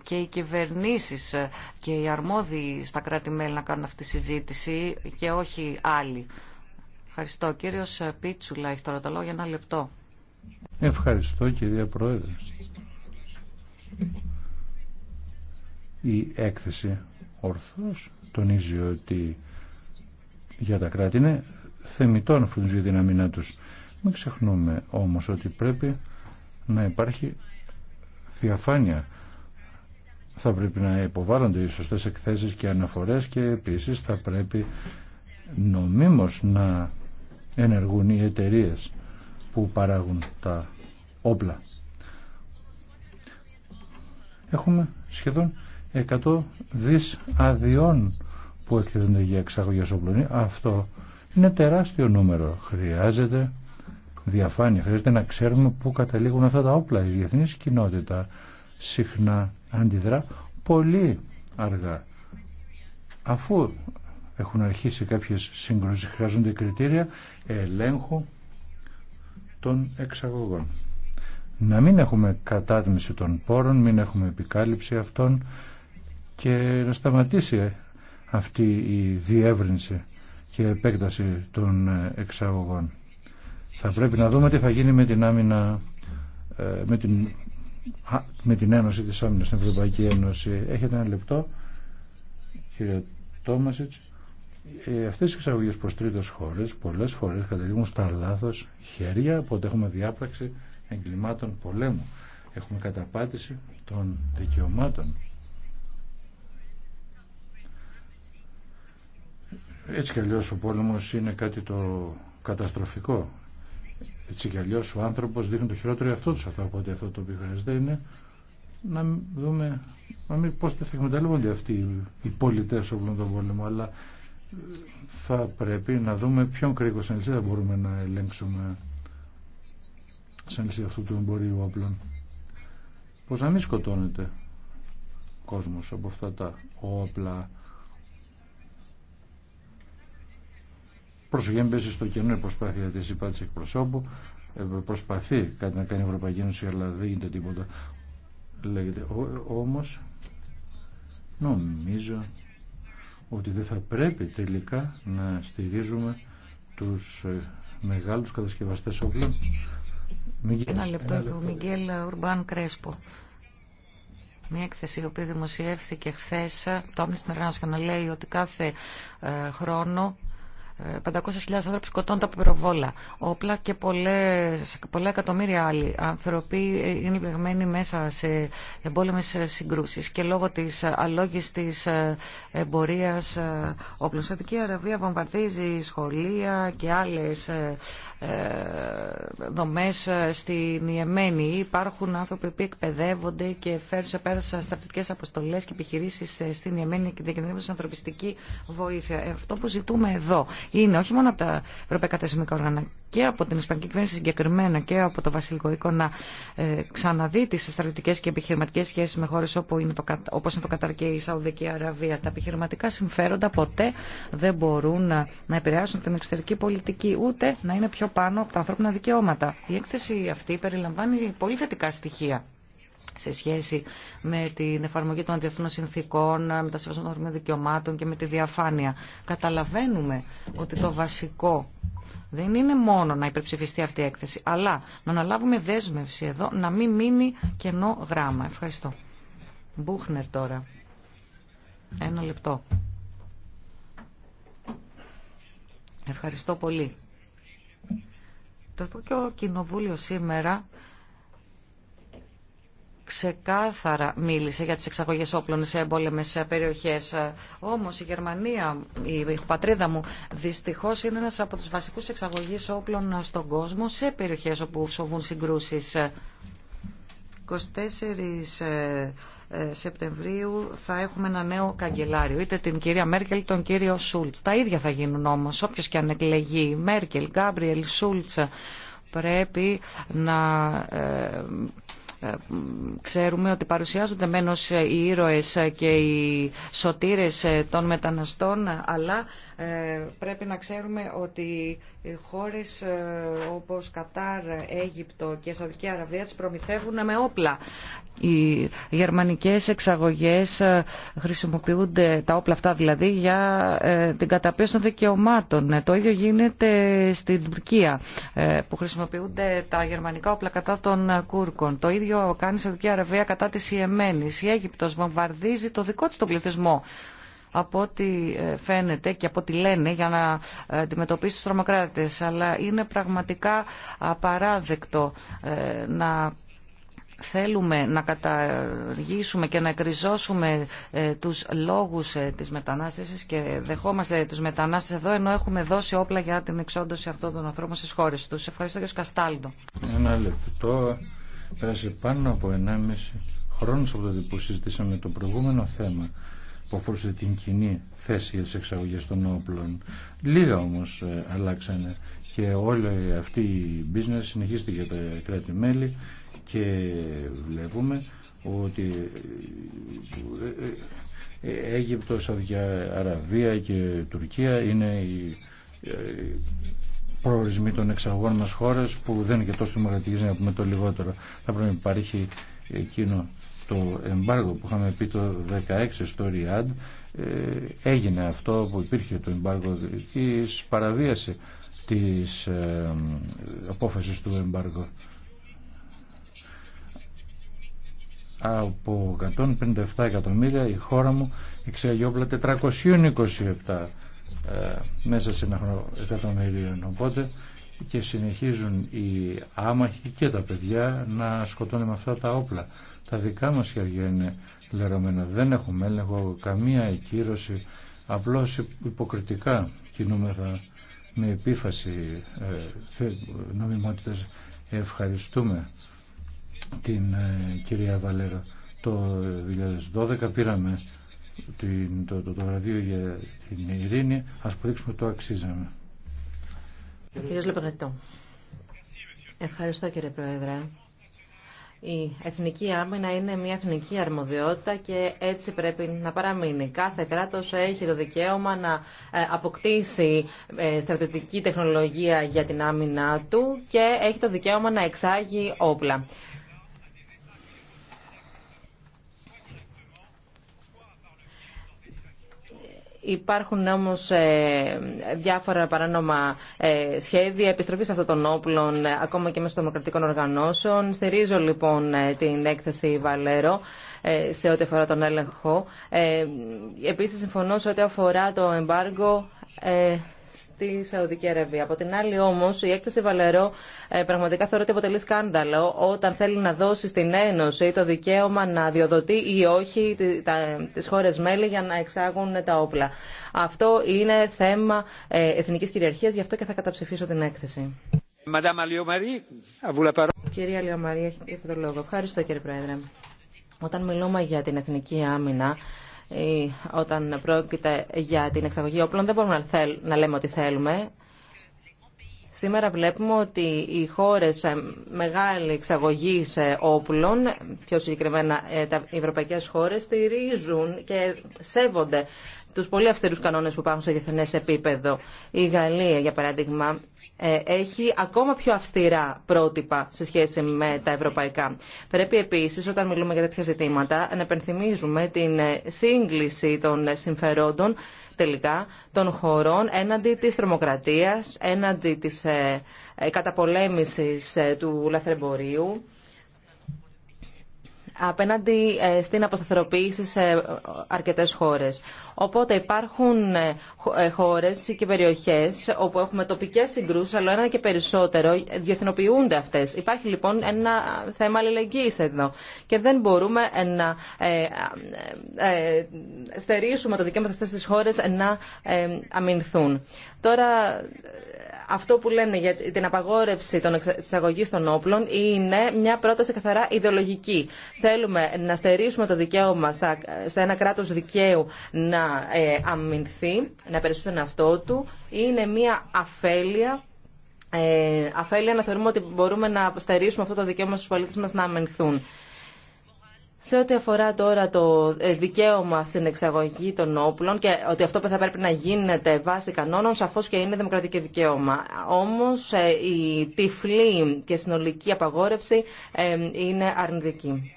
Speaker 6: και οι κυβερνήσεις και οι αρμόδιοι στα κράτη-μέλη να κάνουν αυτή τη συζήτηση και όχι άλλοι. Ευχαριστώ. Κύριος Πίτσουλα έχει τώρα το λόγο για ένα λεπτό.
Speaker 5: Ευχαριστώ κυρία Πρόεδρε. Η έκθεση ορθώς τονίζει ότι για τα κράτη είναι θεμητό να για τους. Μην ξεχνούμε όμως ότι πρέπει να υπάρχει διαφάνεια. Θα πρέπει να υποβάλλονται οι σωστές εκθέσεις και αναφορές και επίσης θα πρέπει νομίμως να ενεργούν οι εταιρείες που παράγουν τα όπλα. Έχουμε σχεδόν 100 δις αδειών που εκτείνονται για εξαγωγή όπλων. Αυτό είναι τεράστιο νούμερο. Χρειάζεται διαφάνεια. Χρειάζεται να ξέρουμε πού καταλήγουν αυτά τα όπλα. Η διεθνή κοινότητα συχνά αντιδρά πολύ αργά. Αφού έχουν αρχίσει κάποιες σύγκρουσεις, χρειάζονται κριτήρια ελέγχου των εξαγωγών. Να μην έχουμε κατάτμιση των πόρων, μην έχουμε επικάλυψη αυτών και να σταματήσει ε, αυτή η διεύρυνση και επέκταση των ε, εξαγωγών. Θα πρέπει να δούμε τι θα γίνει με την άμυνα, ε, με την, με Ένωση της Άμυνας στην Ευρωπαϊκή Ένωση. Έχετε ένα λεπτό, κύριε Τόμασιτς ε, αυτές οι εξαγωγέ προς τρίτες χώρες πολλές φορές καταλήγουν στα λάθος χέρια, οπότε έχουμε διάπραξη εγκλημάτων πολέμου. Έχουμε καταπάτηση των δικαιωμάτων. Έτσι κι αλλιώς ο πόλεμος είναι κάτι το καταστροφικό. Έτσι κι αλλιώς ο άνθρωπος δείχνει το χειρότερο εαυτό του αυτό, οπότε αυτό το οποίο χρειάζεται είναι να δούμε να μην, πώς θα εκμεταλλεύονται αυτοί οι πολιτές όλων των πόλεμων, αλλά θα πρέπει να δούμε ποιον κρίκο σαν λυσίδα μπορούμε να ελέγξουμε σαν λυσίδα αυτού του εμπορίου όπλων. Πως να μην σκοτώνεται κόσμος από αυτά τα όπλα. Προσοχή μπέσει στο κενό η προσπάθεια της υπάρξης εκπροσώπου. Ε, προσπαθεί κάτι να κάνει η Ευρωπαϊκή Ένωση αλλά δεν γίνεται τίποτα. Λέγεται ε, όμως νομίζω ότι δεν θα πρέπει τελικά να στηρίζουμε τους ε, μεγάλους κατασκευαστές όπλων. Ένα λεπτό, Ένα λεπτό.
Speaker 6: Μιγγέλ Ουρμπάν Κρέσπο. Μια έκθεση η οποία δημοσιεύθηκε χθε, το Amnesty να λέει ότι κάθε ε, χρόνο 500.000 άνθρωποι σκοτώνται από πυροβόλα, όπλα και πολλές, πολλά εκατομμύρια άλλοι άνθρωποι είναι πληγμένοι μέσα σε εμπόλεμες συγκρούσει και λόγω της αλόγης της εμπορίας όπλων. Σαουδική Αραβία βομβαρδίζει σχολεία και άλλε ε, δομέ στην Ιεμένη. Υπάρχουν άνθρωποι που εκπαιδεύονται και φέρουν σε πέρα στρατιωτικές αποστολέ και επιχειρήσει στην Ιεμένη και σε ανθρωπιστική βοήθεια. Ε, αυτό που ζητούμε εδώ είναι όχι μόνο από τα ευρωπαϊκά θεσμικά όργανα και από την Ισπανική κυβέρνηση συγκεκριμένα και από το Βασιλικό Οίκο να ε, ξαναδεί τι στρατιωτικέ και επιχειρηματικέ σχέσει με χώρε όπω είναι το, όπως το Κατάρ και η Σαουδική Αραβία. Τα επιχειρηματικά συμφέροντα ποτέ δεν μπορούν να, να επηρεάσουν την εξωτερική πολιτική ούτε να είναι πιο πάνω από τα ανθρώπινα δικαιώματα. Η έκθεση αυτή περιλαμβάνει πολύ θετικά στοιχεία σε σχέση με την εφαρμογή των διεθνών συνθήκων, με τα σεβασμό των δικαιωμάτων και με τη διαφάνεια. Καταλαβαίνουμε ότι το βασικό δεν είναι μόνο να υπερψηφιστεί αυτή η έκθεση, αλλά να αναλάβουμε δέσμευση εδώ να μην μείνει κενό γράμμα. Ευχαριστώ. Μπούχνερ τώρα. Ένα λεπτό. Ευχαριστώ πολύ. Το ο Κοινοβούλιο σήμερα ξεκάθαρα μίλησε για τις εξαγωγές όπλων σε εμπόλεμες περιοχές. Όμως η Γερμανία, η πατρίδα μου, δυστυχώς είναι ένας από τους βασικούς εξαγωγείς όπλων στον κόσμο σε περιοχές όπου σοβούν συγκρούσεις. 24 ε, ε, Σεπτεμβρίου θα έχουμε ένα νέο καγκελάριο, είτε την κυρία Μέρκελ τον κύριο Σούλτ. Τα ίδια θα γίνουν όμω, όποιο και αν εκλεγεί. Μέρκελ, Γκάμπριελ, Σούλτ πρέπει να ε, ε, ξέρουμε ότι παρουσιάζονται μένως οι ήρωες και οι σωτήρες ε, των μεταναστών, αλλά πρέπει να ξέρουμε ότι χώρες ε, όπως Κατάρ, Αίγυπτο και Σαουδική Αραβία τις προμηθεύουν με όπλα. Οι γερμανικές εξαγωγές ε, χρησιμοποιούνται τα όπλα αυτά δηλαδή για ε, την καταπίεση των δικαιωμάτων. Το ίδιο γίνεται στην Τουρκία που χρησιμοποιούνται τα γερμανικά όπλα κατά των Κούρκων. Το ίδιο κάνει η Σαουδική Αραβία κατά της Ιεμένης. Η Αίγυπτος βομβαρδίζει το δικό της τον πληθυσμό από ό,τι ε, φαίνεται και από ό,τι λένε για να ε, αντιμετωπίσει τους τρομοκράτες. Αλλά είναι πραγματικά απαράδεκτο ε, να θέλουμε να καταργήσουμε και να εκριζώσουμε τους λόγους της μετανάστευσης και δεχόμαστε τους μετανάστες εδώ ενώ έχουμε δώσει όπλα για την εξόντωση αυτών των ανθρώπων στις χώρες τους. Ευχαριστώ κύριε Καστάλντο.
Speaker 5: Ένα λεπτό. Πέρασε πάνω από 1,5 χρόνος από το που συζητήσαμε το προηγούμενο θέμα που αφορούσε την κοινή θέση για τις εξαγωγές των όπλων. Λίγα όμως ε, αλλάξανε και όλη αυτή η business συνεχίστηκε τα κράτη-μέλη και βλέπουμε ότι ε, ε, Αίγυπτο, Σαουδιά Αραβία και Τουρκία είναι οι προορισμοί των εξαγωγών μας χώρες που δεν είναι και τόσο δημοκρατικές να πούμε το λιγότερο. Θα πρέπει να υπάρχει εκείνο το εμπάργο που είχαμε πει το 16 στο Ριάντ ε, έγινε αυτό που υπήρχε το εμπάργο της παραβίαση της ε, απόφασης του εμπάργου από 157 εκατομμύρια η χώρα μου εξέγει όπλα 427 ε, μέσα σε ένα χρόνο οπότε και συνεχίζουν οι άμαχοι και τα παιδιά να σκοτώνουν με αυτά τα όπλα τα δικά μας χέρια είναι λερωμένα. Δεν έχουμε έλεγχο, καμία εκκύρωση, απλώς υποκριτικά κινούμεθα με επίφαση ε, Ευχαριστούμε την ε, κυρία Βαλέρα. Το 2012 πήραμε την, το, το, το βραδείο για την ειρήνη. Ας ότι το αξίζαμε.
Speaker 4: Ο Ευχαριστώ κύριε Πρόεδρε. Η εθνική άμυνα είναι μια εθνική αρμοδιότητα και έτσι πρέπει να παραμείνει. Κάθε κράτος έχει το δικαίωμα να ε, αποκτήσει ε, στρατιωτική τεχνολογία για την άμυνά του και έχει το δικαίωμα να εξάγει όπλα. Υπάρχουν όμως ε, διάφορα παράνομα ε, σχέδια επιστροφής αυτών των όπλων, ε, ακόμα και μέσω των δημοκρατικών οργανώσεων. Στηρίζω λοιπόν την έκθεση Βαλέρο σε ό,τι αφορά τον έλεγχο. Επίσης συμφωνώ σε ό,τι αφορά το εμπάργκο στη Σαουδική Αραβία. Από την άλλη όμως η έκθεση Βαλερό ε, πραγματικά θεωρώ ότι αποτελεί σκάνδαλο όταν θέλει να δώσει στην Ένωση το δικαίωμα να διοδοτεί ή όχι τι χώρε μέλη για να εξάγουν τα όπλα. Αυτό είναι θέμα ε, εθνικής κυριαρχίας, γι' αυτό και θα καταψηφίσω την έκθεση. Κυρία Αλιομαρή, έχετε το λόγο. Ευχαριστώ κύριε Πρόεδρε. Όταν μιλούμε για την εθνική άμυνα, ε, όταν πρόκειται για την εξαγωγή όπλων δεν μπορούμε να λέμε ότι θέλουμε. Σήμερα βλέπουμε ότι οι χώρες ε, μεγάλη εξαγωγή ε, όπλων, πιο συγκεκριμένα τα ευρωπαϊκές χώρες, στηρίζουν και σέβονται τους πολύ αυστηρούς κανόνες που υπάρχουν σε διεθνές επίπεδο. Η Γαλλία, για παράδειγμα, ε, έχει ακόμα πιο αυστηρά πρότυπα σε σχέση με τα ευρωπαϊκά. Πρέπει επίσης όταν μιλούμε για τέτοια ζητήματα να επενθυμίζουμε την ε, σύγκληση των συμφερόντων τελικά των χωρών έναντι της τρομοκρατίας, έναντι της ε, καταπολέμησης του λαθρεμπορίου απέναντι ε, στην αποσταθεροποίηση σε ε, αρκετές χώρες. Οπότε υπάρχουν ε, χώρες και περιοχές όπου έχουμε τοπικές συγκρούσεις, αλλά ένα και περισσότερο διεθνοποιούνται αυτές. Υπάρχει λοιπόν ένα θέμα αλληλεγγύης εδώ και δεν μπορούμε να στερήσουμε το δικαίωμα σε αυτές τις χώρες να αμυνθούν. Τώρα αυτό που λένε για την απαγόρευση των εξαγωγή των όπλων είναι μια πρόταση καθαρά ιδεολογική. Θέλουμε να στερήσουμε το δικαίωμα στα, σε ένα κράτο δικαίου να ε, αμυνθεί, να περισσεύει αυτό εαυτό του. Είναι μια αφέλεια. Ε, αφέλεια να θεωρούμε ότι μπορούμε να στερήσουμε αυτό το δικαίωμα στου πολίτε μας να αμυνθούν. Σε ό,τι αφορά τώρα το ε, δικαίωμα στην εξαγωγή των όπλων και ότι αυτό που θα πρέπει να γίνεται βάσει κανόνων, σαφώς και είναι δημοκρατικό δικαίωμα. Όμως ε, η τυφλή και συνολική απαγόρευση ε, είναι αρνητική.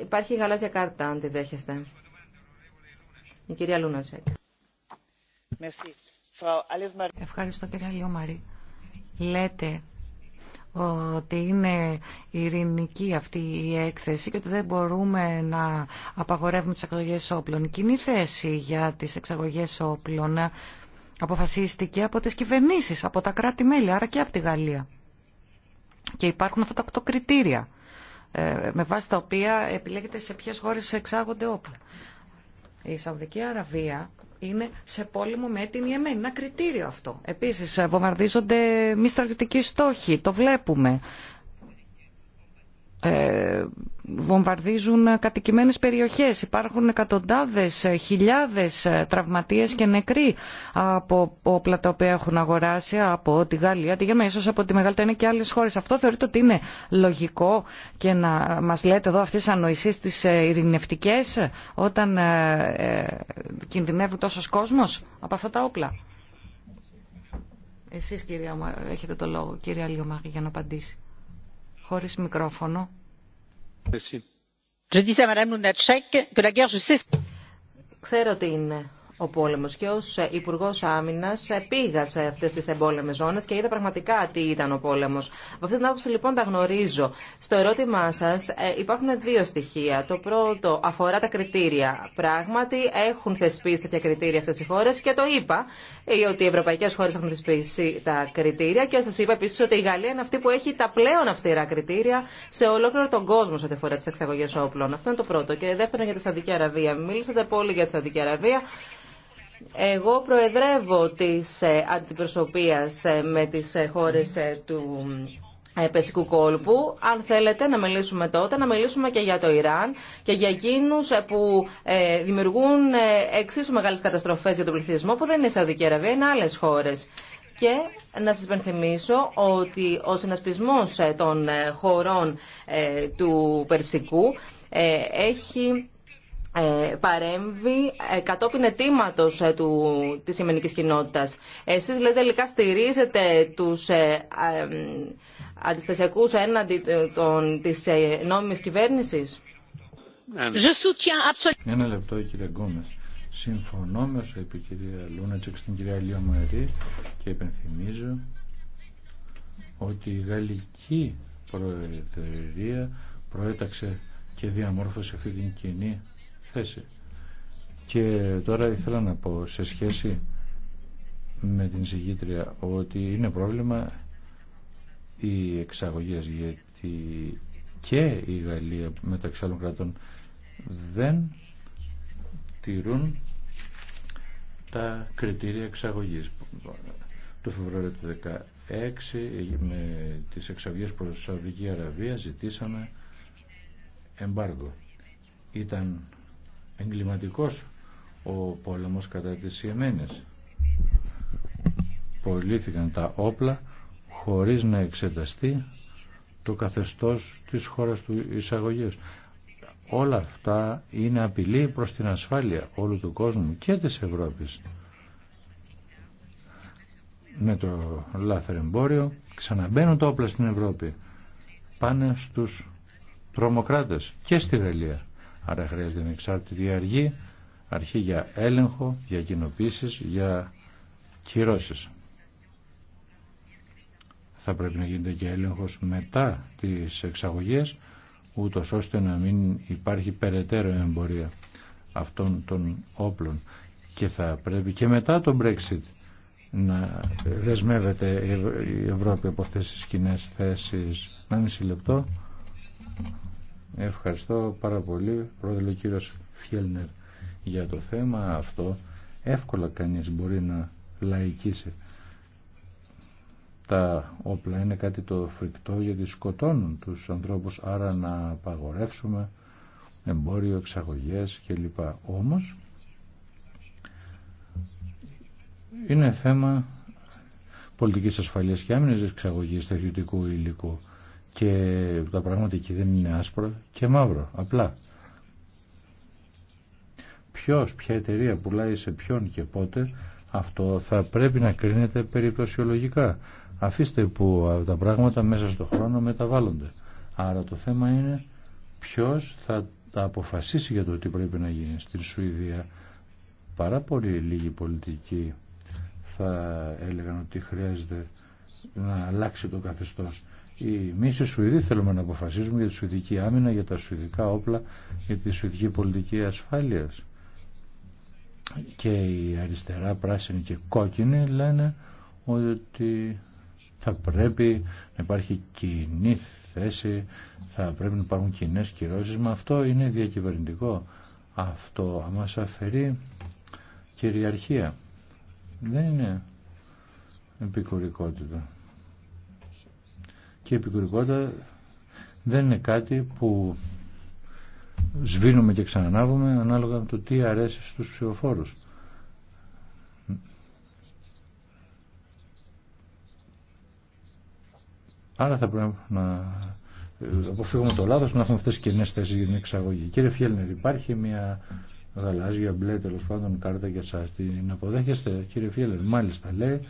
Speaker 4: Υπάρχει γαλάζια κάρτα, αν τη δέχεστε.
Speaker 6: Η κυρία Λούνατσεκ. Ευχαριστώ κυρία Λιωμαρή. Λέτε ότι είναι ειρηνική αυτή η έκθεση και ότι δεν μπορούμε να απαγορεύουμε τις εξαγωγές όπλων. Η κοινή θέση για τις εξαγωγές όπλων αποφασίστηκε από τις κυβερνήσεις, από τα κράτη-μέλη, άρα και από τη Γαλλία. Και υπάρχουν αυτά τα οκτώ κριτήρια ε, με βάση τα οποία επιλέγεται σε ποιες χώρες εξάγονται όπλα. Η Σαουδική Αραβία είναι σε πόλεμο με την Ιεμένη. Είναι ένα κριτήριο αυτό. Επίσης βομβαρδίζονται μη στρατιωτικοί στόχοι. Το βλέπουμε. Ε, βομβαρδίζουν κατοικημένες περιοχές. Υπάρχουν εκατοντάδες, χιλιάδες τραυματίες και νεκροί από όπλα τα οποία έχουν αγοράσει από τη Γαλλία, τη Γερμανία, ίσως από τη Μεγαλτένια και άλλες χώρες. Αυτό θεωρείτε ότι είναι λογικό και να μας λέτε εδώ αυτές τις ανοησίες τις ειρηνευτικές όταν ε, ε, κινδυνεύει τόσος κόσμος από αυτά τα όπλα. Εσείς κυρία μου έχετε το λόγο, κυρία Λιωμάκη, για να απαντήσει. Χωρίς μικρόφωνο.
Speaker 4: Ξέρω τι είναι ο πόλεμο και ω υπουργό Άμυνα ε, πήγα σε αυτέ τι εμπόλεμε ζώνε και είδα πραγματικά τι ήταν ο πόλεμο. Από αυτή την άποψη λοιπόν τα γνωρίζω. Στο ερώτημά σα, ε, υπάρχουν δύο στοιχεία. Το πρώτο αφορά τα κριτήρια. Πράγματι έχουν θεσπίσει τέτοια κριτήρια αυτέ οι χώρε και το είπα ε, ότι οι Ευρωπαϊκέ χώρε έχουν θεσπίσει τα κριτήρια και σα είπα επίση ότι η Γαλλία είναι αυτή που έχει τα πλέον αυστηρά κριτήρια σε ολόκληρο τον κόσμο σε ό,τι αφορά τι εξαγωγέ όπλων. Αυτό είναι το πρώτο. Και δεύτερον για τη Σαουδική Αραβία. Μίλησατε πολύ για τη Σαουδική Αραβία. Εγώ προεδρεύω της ε, αντιπροσωπείας ε, με τις ε, χώρες του περσικού κόλπου. Αν θέλετε να μιλήσουμε τότε, να μιλήσουμε και για το Ιράν και για εκείνου που δημιουργούν εξίσου μεγάλες καταστροφές για τον πληθυσμό που δεν είναι η Σαουδική Αραβία, είναι άλλε χώρε. Και να σας υπενθυμίσω ότι ο συνασπισμός των χωρών του Περσικού έχει ε, παρέμβει ε, κατόπιν αιτήματος ε, του, της ημενικής κοινότητας. Εσείς λέτε τελικά στηρίζετε τους ε, αντιστασιακούς έναντι των, της ε, νόμιμης κυβέρνησης.
Speaker 5: Ναι, ναι. Ένα λεπτό κύριε Γκόμες. Συμφωνώ με όσο είπε η κυρία Λούνατσεκ στην κυρία Λία και υπενθυμίζω ότι η Γαλλική Προεδρία προέταξε και διαμόρφωσε αυτή την κοινή θέση. Και τώρα ήθελα να πω σε σχέση με την συγκήτρια ότι είναι πρόβλημα οι εξαγωγές γιατί και η Γαλλία μεταξύ άλλων κρατών δεν τηρούν τα κριτήρια εξαγωγής. Το Φεβρουάριο του 2016 με τις εξαγωγές προς Σαουδική Αραβία ζητήσαμε εμπάργο. Ήταν εγκληματικός ο πόλεμος κατά τις Ιεμένες. Πολύθηκαν τα όπλα χωρίς να εξεταστεί το καθεστώς της χώρας του εισαγωγής. Όλα αυτά είναι απειλή προς την ασφάλεια όλου του κόσμου και της Ευρώπης. Με το εμπόριο ξαναμπαίνουν τα όπλα στην Ευρώπη. Πάνε στους τρομοκράτες και στη Γαλλία. Άρα χρειάζεται μια εξάρτητη αργή, αρχή για έλεγχο, για κοινοποίηση για κυρώσει. Θα πρέπει να γίνεται και έλεγχος μετά τις εξαγωγές, ούτω ώστε να μην υπάρχει περαιτέρω εμπορία αυτών των όπλων. Και θα πρέπει και μετά τον Brexit να δεσμεύεται η Ευρώπη από αυτές τις κοινέ θέσεις. Να Ευχαριστώ πάρα πολύ, πρόεδρε ο κύριος Φιέλνερ, για το θέμα αυτό. Εύκολα κανείς μπορεί να λαϊκίσει. Τα όπλα είναι κάτι το φρικτό γιατί σκοτώνουν τους ανθρώπους, άρα να απαγορεύσουμε εμπόριο, εξαγωγές κλπ. Όμως, είναι θέμα πολιτικής ασφαλείας και άμυνας εξαγωγής τεχνητικού υλικού. Και τα πράγματα εκεί δεν είναι άσπρο και μαύρο, απλά. Ποιος, ποια εταιρεία πουλάει σε ποιον και πότε, αυτό θα πρέπει να κρίνεται περιπτωσιολογικά. Αφήστε που τα πράγματα μέσα στον χρόνο μεταβάλλονται. Άρα το θέμα είναι ποιος θα τα αποφασίσει για το τι πρέπει να γίνει. Στην Σουηδία πάρα πολύ λίγοι πολιτικοί θα έλεγαν ότι χρειάζεται να αλλάξει το καθεστώς Εμεί οι Σουηδοί θέλουμε να αποφασίζουμε για τη Σουηδική άμυνα, για τα Σουηδικά όπλα, για τη Σουηδική πολιτική ασφάλεια. Και η αριστερά, πράσινη και κόκκινη λένε ότι θα πρέπει να υπάρχει κοινή θέση, θα πρέπει να υπάρχουν κοινέ κυρώσει. Μα αυτό είναι διακυβερνητικό. Αυτό μα αφαιρεί κυριαρχία. Δεν είναι επικουρικότητα και η επικουρικότητα δεν είναι κάτι που σβήνουμε και ξανανάβουμε ανάλογα με το τι αρέσει στους ψηφοφόρους. Άρα θα πρέπει να ε, αποφύγουμε το λάθος, να έχουμε αυτές τις κοινές θέσεις για την εξαγωγή. Κύριε Φιέλνερ, υπάρχει μια γαλάζια μπλε τέλο πάντων κάρτα για εσάς. Την αποδέχεστε, κύριε Φιέλνερ, μάλιστα λέει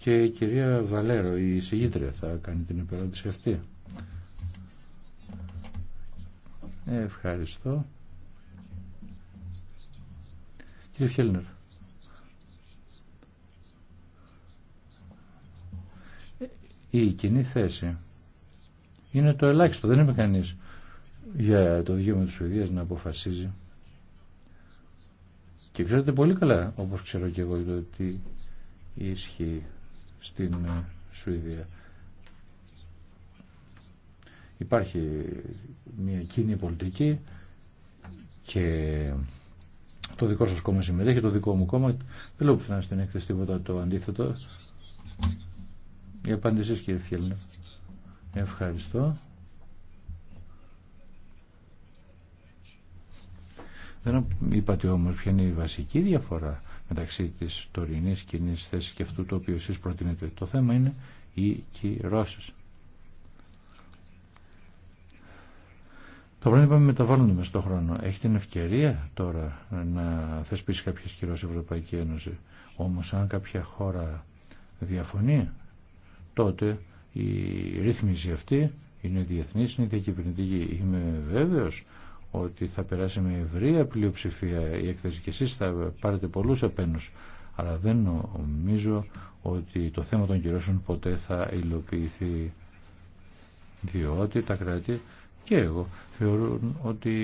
Speaker 5: και η κυρία Βαλέρο, η συγγήτρια, θα κάνει την επερώτηση αυτή. Ευχαριστώ. Κύριε Φιέλνερ. Η κοινή θέση είναι το ελάχιστο. Δεν είμαι κανείς για το δικαίωμα της Σουηδίας να αποφασίζει. Και ξέρετε πολύ καλά, όπως ξέρω και εγώ, ότι ισχύει στην ε, Σουηδία. Υπάρχει μια κοινή πολιτική και το δικό σας κόμμα συμμετέχει, το δικό μου κόμμα. Δεν λέω πουθενά στην έκθεση τίποτα το αντίθετο. Η απάντησή κύριε Φιέλνε. Ευχαριστώ. Δεν είπατε όμως ποια είναι η βασική διαφορά μεταξύ τη τωρινή κοινή θέση και αυτού το οποίο εσεί προτείνετε. Το θέμα είναι οι κυρώσει. Το πρόβλημα είπαμε μεταβάλλονται στον χρόνο. Έχει την ευκαιρία τώρα να θεσπίσει κάποιε κυρώσει η Ευρωπαϊκή Ένωση. Όμω αν κάποια χώρα διαφωνεί, τότε η ρύθμιση αυτή είναι διεθνή είναι διακυβερνητική. Είμαι βέβαιο ότι θα περάσει με ευρεία πλειοψηφία η έκθεση και εσείς θα πάρετε πολλούς επένους αλλά δεν νομίζω ότι το θέμα των κυρώσεων ποτέ θα υλοποιηθεί διότι τα κράτη και εγώ θεωρούν ότι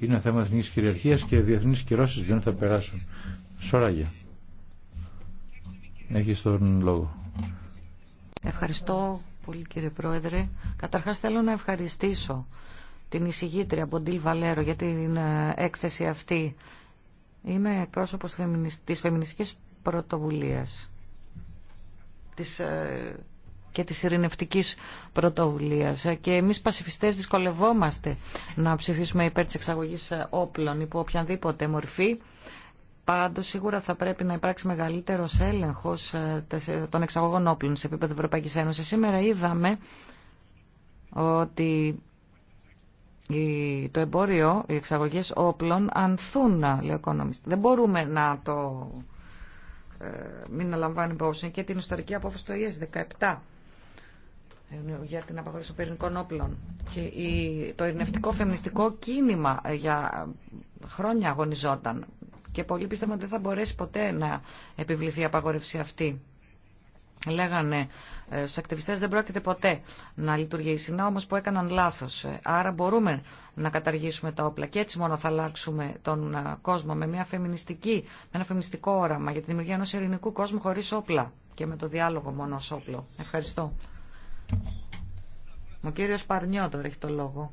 Speaker 5: είναι θέμα εθνικής κυριαρχίας και διεθνείς κυρώσεις δεν θα περάσουν. Σωράγια. Έχεις τον λόγο.
Speaker 6: Ευχαριστώ πολύ κύριε Πρόεδρε. Καταρχάς θέλω να ευχαριστήσω την εισηγήτρια Μποντίλ Βαλέρο για την ε, έκθεση αυτή. Είμαι πρόσωπο τη φεμινιστική πρωτοβουλία ε, και της ειρηνευτικής πρωτοβουλίας ε, και εμείς πασιφιστές δυσκολευόμαστε να ψηφίσουμε υπέρ της εξαγωγής όπλων υπό οποιαδήποτε μορφή. Πάντως σίγουρα θα πρέπει να υπάρξει μεγαλύτερος έλεγχος των εξαγωγών όπλων σε επίπεδο Ευρωπαϊκής Ένωσης. Σήμερα είδαμε ότι το εμπόριο, οι εξαγωγές όπλων ανθούν, λέει ο Economist. Δεν μπορούμε να το ε, μην λαμβάνει υπόψη και την ιστορική απόφαση του ΙΕΣ 17 για την απαγόρευση των πυρηνικών όπλων. Και η, το ειρηνευτικό φεμινιστικό κίνημα ε, για χρόνια αγωνιζόταν και πολλοί πίστευαν ότι δεν θα μπορέσει ποτέ να επιβληθεί η απαγόρευση αυτή. Λέγανε ε, στους ακτιβιστές δεν πρόκειται ποτέ να λειτουργήσει. Να όμως που έκαναν λάθος. Ε, άρα μπορούμε να καταργήσουμε τα όπλα και έτσι μόνο θα αλλάξουμε τον ε, κόσμο με, μια φεμινιστική, με ένα φεμινιστικό όραμα για τη δημιουργία ενός ειρηνικού κόσμου χωρίς όπλα και με το διάλογο μόνο ως όπλο. Ευχαριστώ. Ο κύριος Παρνιό έχει το λόγο.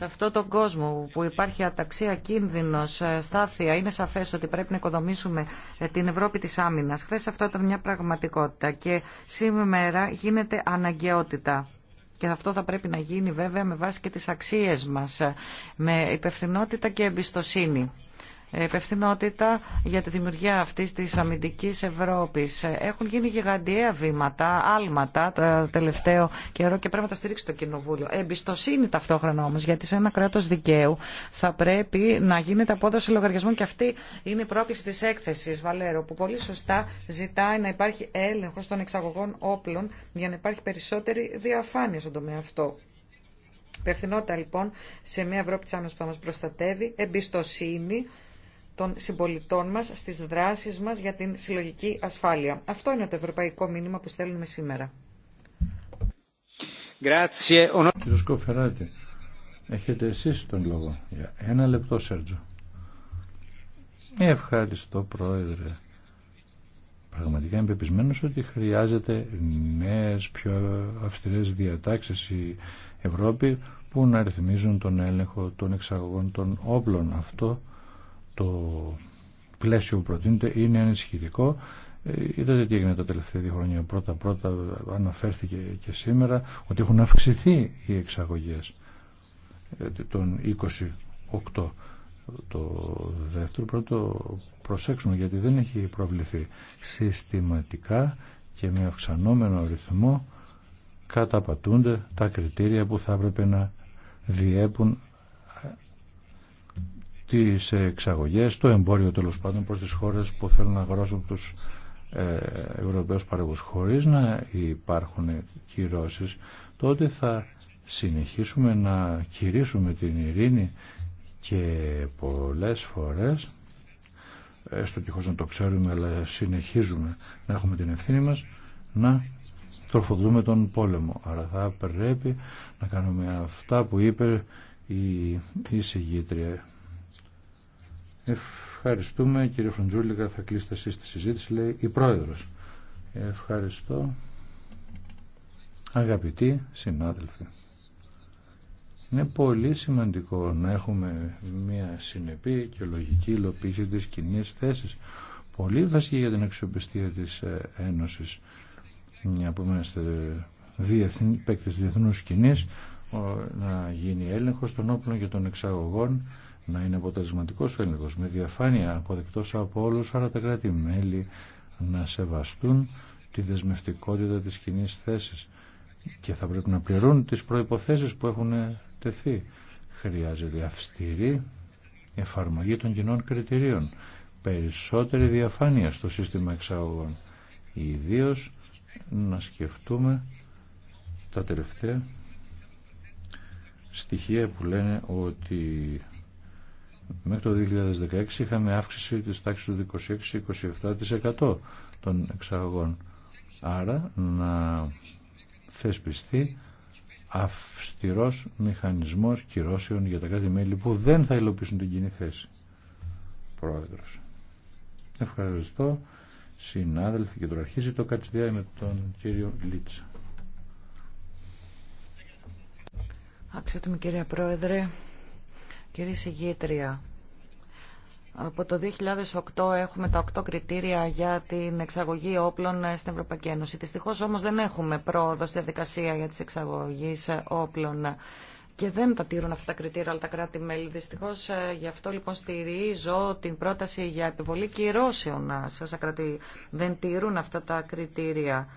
Speaker 6: Σε αυτόν τον κόσμο που υπάρχει αταξία, κίνδυνος, ε, στάθεια, είναι σαφές ότι πρέπει να οικοδομήσουμε ε, την Ευρώπη της άμυνας. Χθε αυτό ήταν μια πραγματικότητα και σήμερα γίνεται αναγκαιότητα. Και αυτό θα πρέπει να γίνει βέβαια με βάση και τις αξίες μας, ε, με υπευθυνότητα και εμπιστοσύνη υπευθυνότητα για τη δημιουργία αυτή τη αμυντική Ευρώπη Έχουν γίνει γιγαντιαία βήματα, άλματα το τελευταίο καιρό και πρέπει να τα στηρίξει το Κοινοβούλιο. Εμπιστοσύνη ταυτόχρονα όμω, γιατί σε ένα κράτο δικαίου θα πρέπει να γίνεται απόδοση λογαριασμών και αυτή είναι η πρόκληση τη έκθεση, Βαλέρο, που πολύ σωστά ζητάει να υπάρχει έλεγχο των εξαγωγών όπλων για να υπάρχει περισσότερη διαφάνεια στον τομέα αυτό. Υπευθυνότητα λοιπόν σε μια Ευρώπη τη Άμυνας που θα μας προστατεύει, εμπιστοσύνη, των συμπολιτών μας στις δράσεις μας για την συλλογική ασφάλεια. Αυτό είναι το ευρωπαϊκό μήνυμα που στέλνουμε σήμερα.
Speaker 5: Κύριε Σκοφεράτη, έχετε εσείς τον λόγο. Για ένα λεπτό, Σέρτζο. Ευχαριστώ, Πρόεδρε. Πραγματικά είμαι πεπισμένο ότι χρειάζεται νέε, πιο αυστηρές διατάξεις η Ευρώπη που να ρυθμίζουν τον έλεγχο των εξαγωγών των όπλων. Αυτό το πλαίσιο που προτείνεται είναι ανησυχητικό. Ε, είδατε τι έγινε τα τελευταία δύο χρόνια. Πρώτα-πρώτα αναφέρθηκε και σήμερα ότι έχουν αυξηθεί οι εξαγωγές ε, των 28. Το δεύτερο πρώτο προσέξουμε γιατί δεν έχει προβληθεί συστηματικά και με αυξανόμενο ρυθμό καταπατούνται τα κριτήρια που θα έπρεπε να διέπουν τις εξαγωγές, το εμπόριο τέλο πάντων προς τις χώρες που θέλουν να αγοράσουν τους ε, Ευρωπαίους χωρί χωρίς να υπάρχουν κυρώσεις, τότε θα συνεχίσουμε να κηρύσουμε την ειρήνη και πολλές φορές έστω ε, τυχώς να το ξέρουμε αλλά συνεχίζουμε να έχουμε την ευθύνη μας να τροφοδούμε τον πόλεμο άρα θα πρέπει να κάνουμε αυτά που είπε η εισηγήτρια Ευχαριστούμε κύριε Φροντζούλικα, θα κλείσετε εσείς τη συζήτηση, λέει η Πρόεδρος. Ευχαριστώ. Αγαπητοί συνάδελφοι, είναι πολύ σημαντικό να έχουμε μια συνεπή και λογική υλοποίηση της κοινή θέσης. Πολύ βασική για την αξιοπιστία της ε, Ένωσης. Μια που είμαστε διεθν, παίκτες διεθνούς κοινής, να γίνει έλεγχος των όπλων και των εξαγωγών να είναι αποτελεσματικό ο έλεγχο με διαφάνεια αποδεκτό από όλου, άρα τα κράτη-μέλη να σεβαστούν τη δεσμευτικότητα τη κοινή θέση και θα πρέπει να πληρούν τι προποθέσει που έχουν τεθεί. Χρειάζεται αυστηρή εφαρμογή των κοινών κριτηρίων, περισσότερη διαφάνεια στο σύστημα εξαγωγών, ιδίω να σκεφτούμε τα τελευταία στοιχεία που λένε ότι Μέχρι το 2016 είχαμε αύξηση της τάξης του 26-27% των εξαγωγών. Άρα να θεσπιστεί αυστηρός μηχανισμός κυρώσεων για τα κράτη-μέλη που δεν θα υλοποιήσουν την κοινή θέση. Πρόεδρος. Ευχαριστώ. Συνάδελφοι και τώρα αρχίζει το κατσιδιά με τον κύριο Λίτσα.
Speaker 6: Αξιότιμη κυρία Πρόεδρε, Κύριε Συγήτρια, από το 2008 έχουμε τα 8 κριτήρια για την εξαγωγή όπλων στην Ευρωπαϊκή Ένωση. Δυστυχώς όμως δεν έχουμε πρόοδο στη διαδικασία για τις εξαγωγή όπλων και δεν τα τήρουν αυτά τα κριτήρια όλα τα κράτη-μέλη. Δυστυχώ ε, γι' αυτό λοιπόν στηρίζω την πρόταση για επιβολή κυρώσεων σε όσα κράτη δεν τηρούν αυτά τα κριτήρια.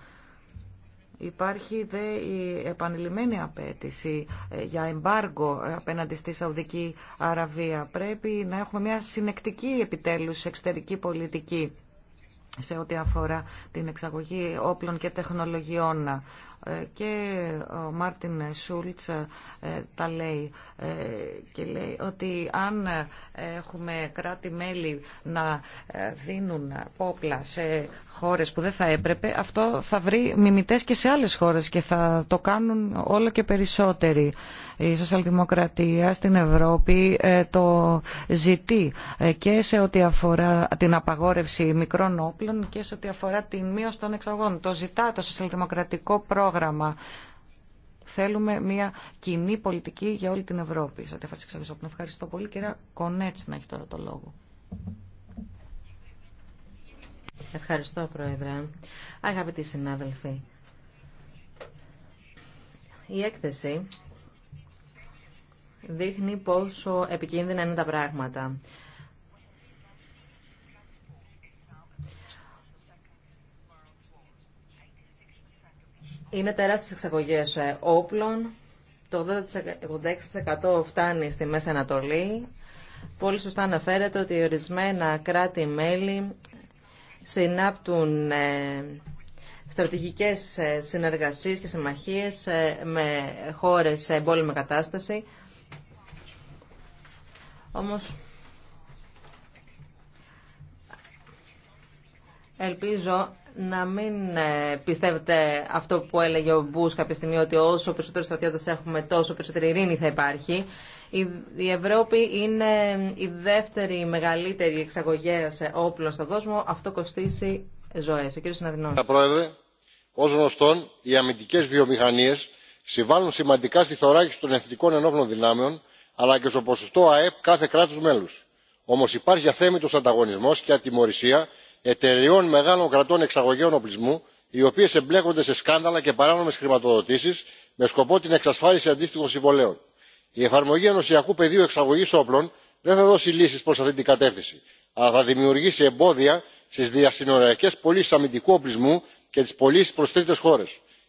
Speaker 6: Υπάρχει δε η επανειλημμένη απέτηση ε, για εμπάργκο ε, απέναντι στη Σαουδική Αραβία. Πρέπει να έχουμε μια συνεκτική επιτέλους εξωτερική πολιτική σε ό,τι αφορά την εξαγωγή όπλων και τεχνολογιών. Ε, και ε, ο Μάρτιν Σούλτς ε, τα λέει και λέει ότι αν έχουμε κράτη-μέλη να δίνουν πόπλα σε χώρες που δεν θα έπρεπε αυτό θα βρει μιμητές και σε άλλες χώρες και θα το κάνουν όλο και περισσότεροι. Η σοσιαλδημοκρατία στην Ευρώπη το ζητεί και σε ό,τι αφορά την απαγόρευση μικρών όπλων και σε ό,τι αφορά την μείωση των εξαγών. Το ζητά το σοσιαλδημοκρατικό πρόγραμμα πρόγραμμα. Θέλουμε μια κοινή πολιτική για όλη την Ευρώπη. Σε Ευχαριστώ πολύ. Κυρία να έχει τώρα το λόγο.
Speaker 4: Ευχαριστώ, Πρόεδρε. Αγαπητοί συνάδελφοι, η έκθεση δείχνει πόσο επικίνδυνα είναι τα πράγματα. είναι τεράστιες εξαγωγέ ε, όπλων. Το 86% φτάνει στη Μέση Ανατολή. Πολύ σωστά αναφέρεται ότι ορισμένα κράτη-μέλη συνάπτουν ε, στρατηγικές ε, συνεργασίες και συμμαχίες με χώρες σε εμπόλεμη κατάσταση. Όμως ελπίζω να μην ε, πιστεύετε αυτό που έλεγε ο Μπούς κάποια στιγμή ότι όσο περισσότερο στρατιώτε έχουμε τόσο περισσότερη ειρήνη θα υπάρχει. Η Ευρώπη είναι η δεύτερη μεγαλύτερη εξαγωγέα όπλων στον κόσμο. Αυτό κοστίσει ζωές. Ο κύριος Κύριε
Speaker 7: Πρόεδρε, ως γνωστόν, οι αμυντικές βιομηχανίες... συμβάλλουν σημαντικά στη θωράκιση των εθνικών ενόπλων δυνάμεων αλλά και στο ποσοστό ΑΕΠ κάθε κράτους μέλου. Όμω υπάρχει αθέμητο ανταγωνισμό και ατιμορρησία εταιρεών μεγάλων κρατών εξαγωγέων οπλισμού οι οποίε εμπλέκονται σε σκάνδαλα και παράνομε χρηματοδοτήσει με σκοπό την εξασφάλιση αντίστοιχων συμβολέων. η εφαρμογή ενωσιακού πεδίου εξαγωγή όπλων δεν θα δώσει λύσει προ αυτή την κατεύθυνση αλλά θα δημιουργήσει εμπόδια στι διασυνοριακέ πωλήσει αμυντικού οπλισμού και τι πωλήσει προ τρίτε χώρε.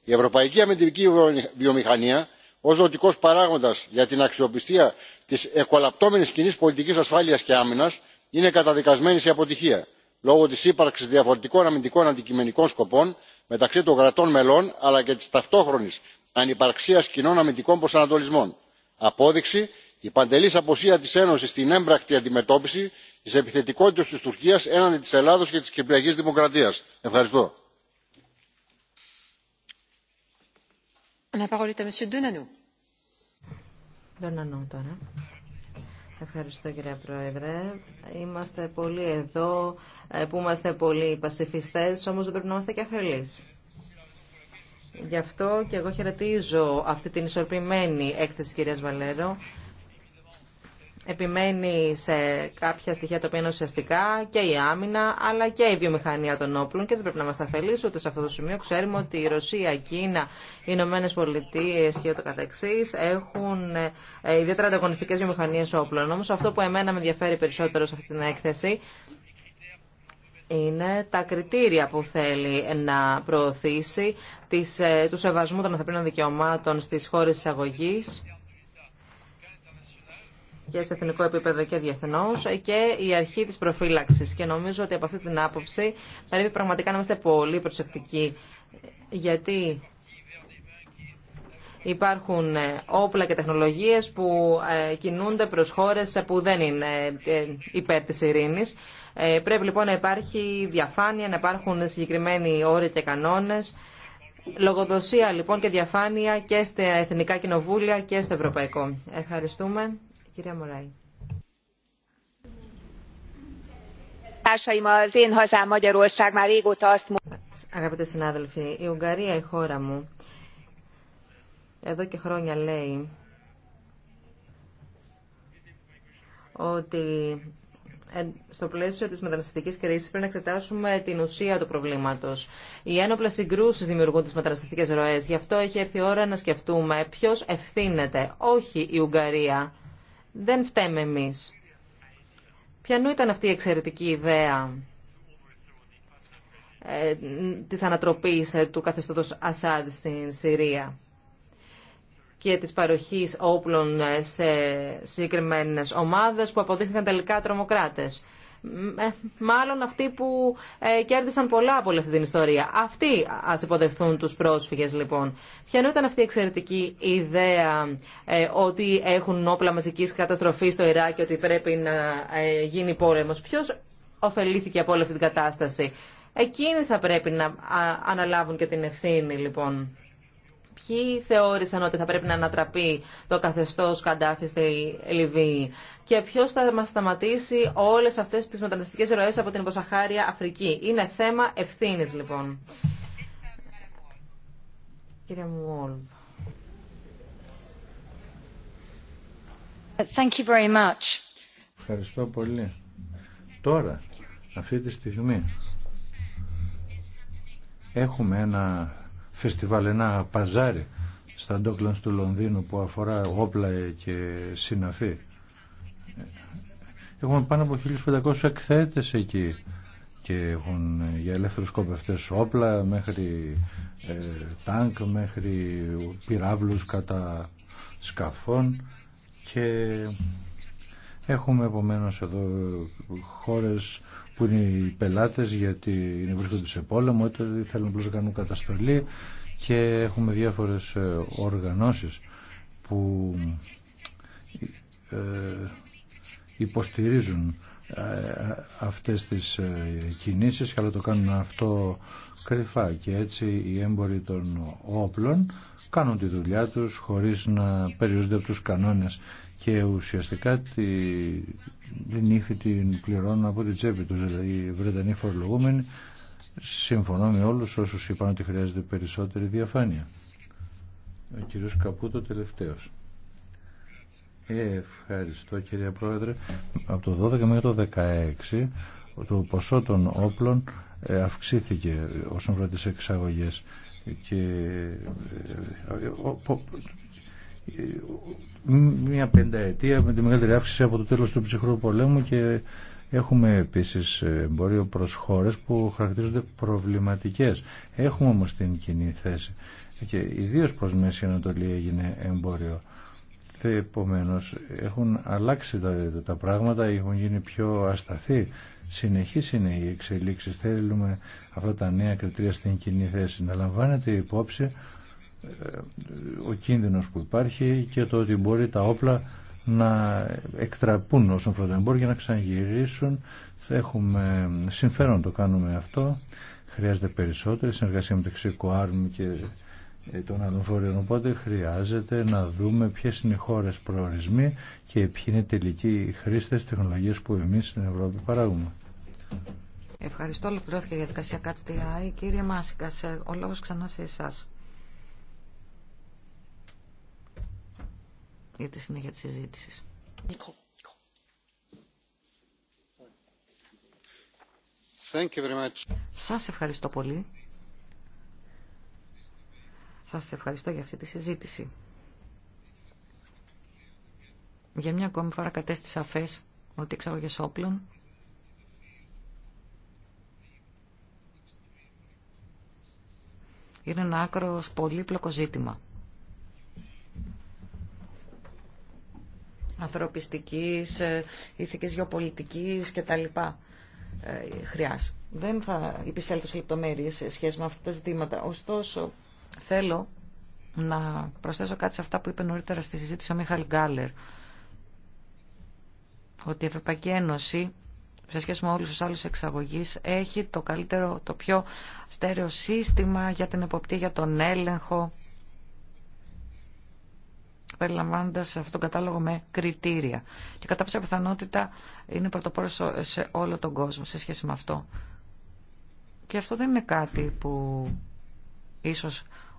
Speaker 7: η ευρωπαϊκή αμυντική βιομηχανία ω ζωτικό παράγοντα για την αξιοπιστία τη εκολαπτώμενη κοινή πολιτική ασφάλεια και άμυνα είναι καταδικασμένη σε αποτυχία λόγω της ύπαρξης διαφορετικών αμυντικών αντικειμενικών σκοπών μεταξύ των κρατών μελών αλλά και της ταυτόχρονης ανυπαρξίας κοινών αμυντικών προσανατολισμών απόδειξη η παντελής αποσία της ένωσης στην έμπρακτη αντιμετώπιση της επιθετικότητας της τουρκίας έναντι της ελλάδος και της κυπριακής δημοκρατίας. ευχαριστώ.
Speaker 4: Ευχαριστώ κύριε Πρόεδρε. Είμαστε πολύ εδώ ε, που είμαστε πολλοί πασιφιστές, όμως δεν πρέπει να είμαστε και αφελείς. Γι' αυτό και εγώ χαιρετίζω αυτή την ισορπημένη έκθεση κυρίας Βαλέρο επιμένει σε κάποια στοιχεία τα οποία είναι ουσιαστικά και η άμυνα αλλά και η βιομηχανία των όπλων και δεν πρέπει να μας τα ούτε σε αυτό το σημείο. Ξέρουμε ότι η Ρωσία, η Κίνα, οι Ηνωμένε Πολιτείε και ούτω καθεξής έχουν ε, ιδιαίτερα ανταγωνιστικές βιομηχανίες όπλων. Όμως αυτό που εμένα με ενδιαφέρει περισσότερο σε αυτή την έκθεση είναι τα κριτήρια που θέλει να προωθήσει ε, του σεβασμού των ανθρωπίνων δικαιωμάτων στις χώρες εισαγωγή και σε εθνικό επίπεδο και διεθνώ ε, και η αρχή τη προφύλαξη. Και νομίζω ότι από αυτή την άποψη πρέπει πραγματικά να είμαστε πολύ προσεκτικοί. Γιατί υπάρχουν ε, όπλα και τεχνολογίες που ε, κινούνται προς χώρες που δεν είναι υπέρ τη ειρήνης. Πρέπει λοιπόν να υπάρχει διαφάνεια, να υπάρχουν συγκεκριμένοι όροι και κανόνε, Λογοδοσία λοιπόν και διαφάνεια και στα Εθνικά Κοινοβούλια και στο Ευρωπαϊκό. Ευχαριστούμε. Κυρία Μωράη. Αγαπητοί συνάδελφοι, η Ουγγαρία, η χώρα μου, εδώ και χρόνια λέει ότι ε, στο πλαίσιο της μεταναστευτικής κρίσης πρέπει να εξετάσουμε την ουσία του προβλήματος. Οι ένοπλες συγκρούσεις δημιουργούν τις μεταναστευτικές ροές. Γι' αυτό έχει έρθει η ώρα να σκεφτούμε ποιος ευθύνεται, όχι η Ουγγαρία δεν φταίμε εμείς. Ποιανού ήταν αυτή η εξαιρετική ιδέα ε, της ανατροπής ε, του καθεστώτος Ασάντ στην Συρία και της παροχής όπλων ε, σε συγκεκριμένες ομάδες που αποδείχθηκαν τελικά τρομοκράτες. Ε, μάλλον αυτοί που ε, κέρδισαν πολλά από όλη αυτή την ιστορία. Αυτοί α υποδεχθούν του πρόσφυγες λοιπόν. Ποια ήταν αυτή η εξαιρετική ιδέα ε, ότι έχουν όπλα μαζική καταστροφή στο Ιράκ και ότι πρέπει να γίνει πόλεμο. Ποιο ωφελήθηκε από όλη αυτή την κατάσταση. Εκείνοι θα πρέπει να αναλάβουν και την ευθύνη λοιπόν ποιοι θεώρησαν ότι θα πρέπει να ανατραπεί το καθεστώς Καντάφη στη Λιβύη και ποιο θα μας σταματήσει όλες αυτές τις μεταναστευτικές ροές από την υποσαχάρια Αφρική. Είναι θέμα ευθύνη λοιπόν. Κύριε
Speaker 6: Thank you very much.
Speaker 5: Ευχαριστώ πολύ. Τώρα, αυτή τη στιγμή, έχουμε ένα φεστιβάλ, ένα παζάρι στα Ντόκλανς του Λονδίνου που αφορά όπλα και συναφή. Έχουμε πάνω από 1500 εκθέτες εκεί και έχουν για ελεύθερους σκοπευτές όπλα μέχρι ε, τάγκ, μέχρι πυράβλους κατά σκαφών και έχουμε επομένως εδώ χώρες που είναι οι πελάτες γιατί είναι βρίσκονται σε πόλεμο, είτε θέλουν να κάνουν καταστολή και έχουμε διάφορες ε, οργανώσεις που ε, υποστηρίζουν ε, αυτές τις κινήσεις αλλά το κάνουν αυτό κρυφά και έτσι οι έμποροι των όπλων κάνουν τη δουλειά τους χωρίς να περιορίζονται από τους κανόνες και ουσιαστικά τη, την ύφη την πληρώνουν από την τσέπη τους. Δηλαδή οι Βρετανοί φορολογούμενοι συμφωνώ με όλους όσους είπαν ότι χρειάζεται περισσότερη διαφάνεια. Ο κύριος Καπούτο τελευταίος. Ε, ευχαριστώ κύριε Πρόεδρε. Από το 12 μέχρι το 16 το ποσό των όπλων ε, αυξήθηκε όσον αφορά τις εξαγωγές και ε, ε, μια πενταετία με τη μεγαλύτερη αύξηση από το τέλος του ψυχρού πολέμου και έχουμε επίσης εμπορίο προς χώρες που χαρακτηρίζονται προβληματικές. Έχουμε όμως την κοινή θέση και ιδίως προς Μέση Ανατολή έγινε εμπόριο. Επομένω, έχουν αλλάξει τα, τα πράγματα, έχουν γίνει πιο ασταθεί. Συνεχής είναι οι εξελίξεις. Θέλουμε αυτά τα νέα κριτήρια στην κοινή θέση να λαμβάνεται υπόψη ε, ο κίνδυνος που υπάρχει και το ότι μπορεί τα όπλα να εκτραπούν όσον αφορά για να ξαναγυρίσουν. Θα έχουμε συμφέρον το κάνουμε αυτό. Χρειάζεται περισσότερη συνεργασία με μεταξύ ΚΟΑΡΜ και ε, των άλλων φορέων. Οπότε χρειάζεται να δούμε ποιε είναι οι χώρε προορισμοί και ποιοι είναι οι τελικοί χρήστες τεχνολογίες που εμεί στην Ευρώπη παράγουμε.
Speaker 6: Ευχαριστώ. Ολοκληρώθηκε η διαδικασία ΚΑΤΣΤΙΑΗ. Κύριε Μάσικα, ε, ο λόγο ξανά σε εσά. για τη συνέχεια της συζήτησης. Thank Σας ευχαριστώ πολύ. Σας ευχαριστώ για αυτή τη συζήτηση. Για μια ακόμη φορά κατέστησα αφές ότι οι εξαγωγές όπλων είναι ένα άκρο πολύπλοκο ζήτημα. ανθρωπιστικής, ε, ηθικής γεωπολιτικής λοιπά ε, χρειάς. Δεν θα υπησέλθω σε λεπτομέρειες σε σχέση με αυτά τα ζητήματα. Ωστόσο, θέλω να προσθέσω κάτι σε αυτά που είπε νωρίτερα στη συζήτηση ο Μίχαλ Γκάλερ ότι η Ευρωπαϊκή Ένωση σε σχέση με όλους τους άλλους εξαγωγείς έχει το καλύτερο, το πιο στέρεο σύστημα για την εποπτεία, για τον έλεγχο περιλαμβάνοντα αυτόν τον κατάλογο με κριτήρια. Και κατά πάσα πιθανότητα είναι πρωτοπόρο σε όλο τον κόσμο σε σχέση με αυτό. Και αυτό δεν είναι κάτι που ίσω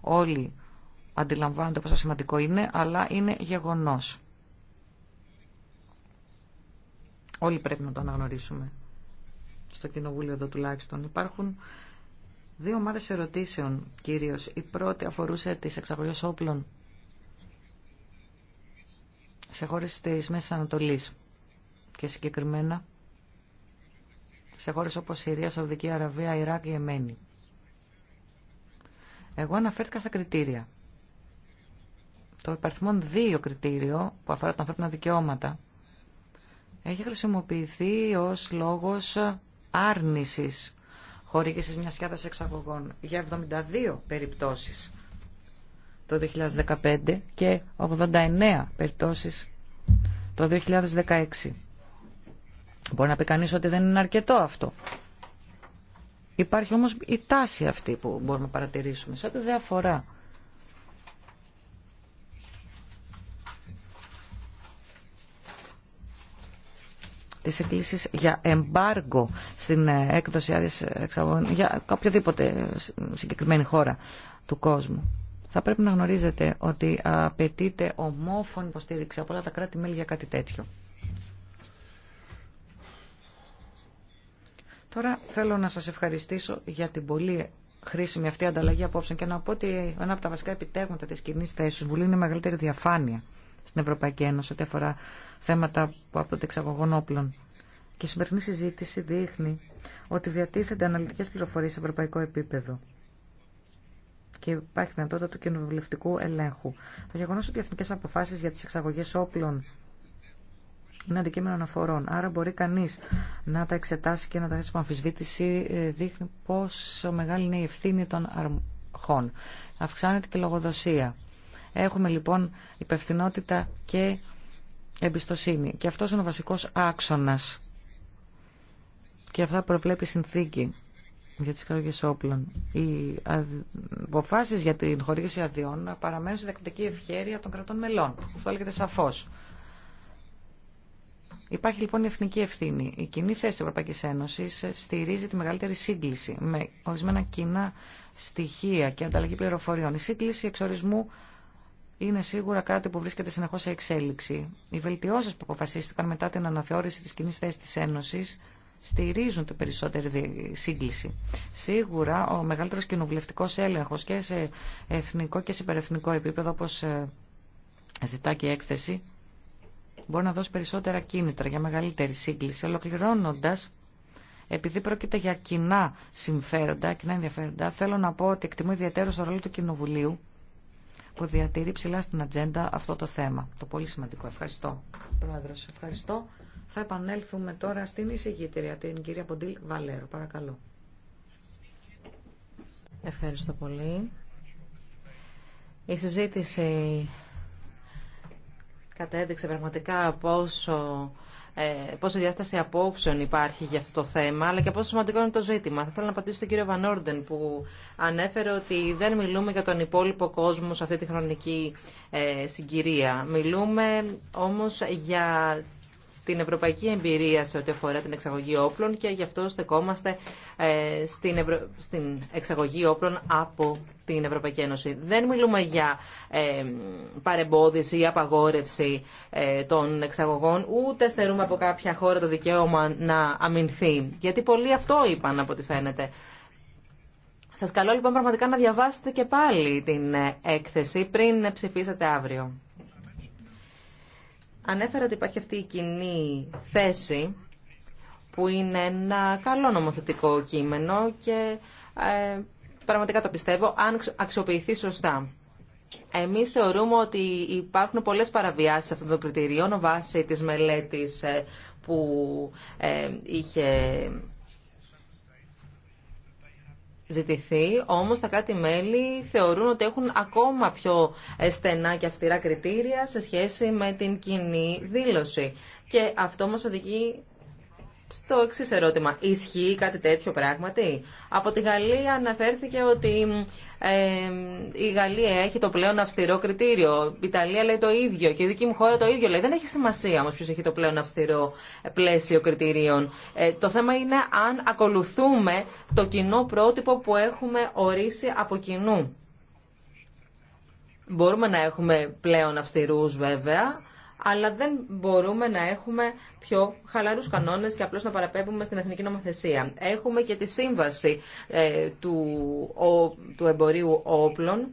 Speaker 6: όλοι αντιλαμβάνονται πόσο σημαντικό είναι, αλλά είναι γεγονός. Όλοι πρέπει να το αναγνωρίσουμε. Στο κοινοβούλιο εδώ τουλάχιστον υπάρχουν δύο ομάδες ερωτήσεων κυρίως. Η πρώτη αφορούσε τις εξαγωγές όπλων σε χώρες της Μέσης Ανατολής και συγκεκριμένα σε χώρες όπως Συρία, Σαουδική Αραβία, Ιράκ και Εμένη. Εγώ αναφέρθηκα στα κριτήρια. Το υπαριθμόν 2 κριτήριο που αφορά τα ανθρώπινα δικαιώματα έχει χρησιμοποιηθεί ως λόγος άρνησης χορήγησης μια σκιάδα εξαγωγών για 72 περιπτώσεις το 2015 και 89 περιπτώσεις το 2016. Μπορεί να πει κανείς ότι δεν είναι αρκετό αυτό. Υπάρχει όμως η τάση αυτή που μπορούμε να παρατηρήσουμε, σε ό,τι δεν αφορά. Τις εκκλήσεις για εμπάργκο στην ε, έκδοση άδειας εξαγών για οποιαδήποτε ε, συγκεκριμένη χώρα του κόσμου. Θα πρέπει να γνωρίζετε ότι απαιτείται ομόφωνη υποστήριξη από όλα τα κράτη-μέλη για κάτι τέτοιο. Τώρα θέλω να σας ευχαριστήσω για την πολύ χρήσιμη αυτή ανταλλαγή απόψεων και να πω ότι ένα από τα βασικά επιτέγματα της κοινή θέση του Βουλή είναι η μεγαλύτερη διαφάνεια στην Ευρωπαϊκή Ένωση ό,τι αφορά θέματα που από εξαγωγών όπλων. Και η σημερινή συζήτηση δείχνει ότι διατίθενται αναλυτικές πληροφορίες σε ευρωπαϊκό επίπεδο και υπάρχει δυνατότητα του κοινοβουλευτικού ελέγχου. Το γεγονό ότι οι εθνικέ αποφάσει για τι εξαγωγέ όπλων είναι αντικείμενο αναφορών. Άρα μπορεί κανεί να τα εξετάσει και να τα θέσει από αμφισβήτηση. Ε, δείχνει πόσο μεγάλη είναι η ευθύνη των αρχών. Αυξάνεται και η λογοδοσία. Έχουμε λοιπόν υπευθυνότητα και εμπιστοσύνη. Και αυτό είναι ο βασικό άξονα. Και αυτά προβλέπει η συνθήκη για τις καλλιέργειες όπλων. Οι αποφάσεις για την χορήγηση αδειών παραμένουν στη δεκτική ευχέρεια των κρατών μελών. Αυτό λέγεται σαφώς. Υπάρχει λοιπόν η εθνική ευθύνη. Η κοινή θέση της Ευρωπαϊκής Ένωσης στηρίζει τη μεγαλύτερη σύγκληση με ορισμένα κοινά στοιχεία και ανταλλαγή πληροφοριών. Η σύγκληση εξορισμού είναι σίγουρα κάτι που βρίσκεται συνεχώς σε εξέλιξη. Οι βελτιώσεις που αποφασίστηκαν μετά την αναθεώρηση της κοινή θέση της Ένωσης στηρίζουν την περισσότερη σύγκληση. Σίγουρα ο μεγαλύτερο κοινοβουλευτικό έλεγχο και σε εθνικό και σε υπερεθνικό επίπεδο όπω ε, ζητά και η έκθεση μπορεί να δώσει περισσότερα κίνητρα για μεγαλύτερη σύγκληση ολοκληρώνοντα επειδή πρόκειται για κοινά συμφέροντα, κοινά ενδιαφέροντα, θέλω να πω ότι εκτιμώ ιδιαίτερο το ρόλο του Κοινοβουλίου που διατηρεί ψηλά στην ατζέντα αυτό το θέμα. Το πολύ σημαντικό. Ευχαριστώ. Πρόεδρος, ευχαριστώ. Θα επανέλθουμε τώρα στην εισηγήτρια, την κυρία Ποντήλ Βαλέρο. Παρακαλώ. Ευχαριστώ πολύ. Η συζήτηση
Speaker 4: κατέδειξε πραγματικά πόσο, ε, πόσο διάσταση απόψεων υπάρχει για αυτό το θέμα, αλλά και πόσο σημαντικό είναι το ζήτημα. Θα ήθελα να απαντήσω στον κύριο Βανόρντεν που ανέφερε ότι δεν μιλούμε για τον υπόλοιπο κόσμο σε αυτή τη χρονική ε, συγκυρία. Μιλούμε όμως για την ευρωπαϊκή εμπειρία σε ό,τι αφορά την εξαγωγή όπλων και γι' αυτό στεκόμαστε ε, στην, εξαγωγή όπλων από την Ευρωπαϊκή Ένωση. Δεν μιλούμε για ε, παρεμπόδιση ή απαγόρευση ε, των εξαγωγών, ούτε στερούμε από κάποια χώρα το δικαίωμα να αμυνθεί. Γιατί πολλοί αυτό είπαν από ό,τι φαίνεται. Σας καλώ λοιπόν πραγματικά να διαβάσετε και πάλι την έκθεση πριν ψηφίσετε αύριο. Ανέφερα ότι υπάρχει αυτή η κοινή θέση που είναι ένα καλό νομοθετικό κείμενο και ε, πραγματικά το πιστεύω αν αξιοποιηθεί σωστά. Εμείς θεωρούμε ότι υπάρχουν πολλές παραβιάσεις αυτών των κριτηριών βάσει της μελέτης ε, που ε, είχε ζητηθεί, όμως τα κράτη-μέλη θεωρούν ότι έχουν ακόμα πιο ε, στενά και αυστηρά κριτήρια σε σχέση με την κοινή δήλωση. Και αυτό μας οδηγεί στο εξή ερώτημα. Ισχύει κάτι τέτοιο πράγματι. Από τη Γαλλία αναφέρθηκε ότι ε, η Γαλλία έχει το πλέον αυστηρό κριτήριο. Η Ιταλία λέει το ίδιο και η δική μου χώρα το ίδιο λέει. Δεν έχει σημασία όμω ποιο έχει το πλέον αυστηρό πλαίσιο κριτηρίων. Ε, το θέμα είναι αν ακολουθούμε το κοινό πρότυπο που έχουμε ορίσει από κοινού. Μπορούμε να έχουμε πλέον αυστηρούς βέβαια αλλά δεν μπορούμε να έχουμε πιο χαλαρούς κανόνες και απλώς να παραπέμπουμε στην εθνική νομοθεσία. Έχουμε και τη σύμβαση ε, του, του εμπορίου όπλων,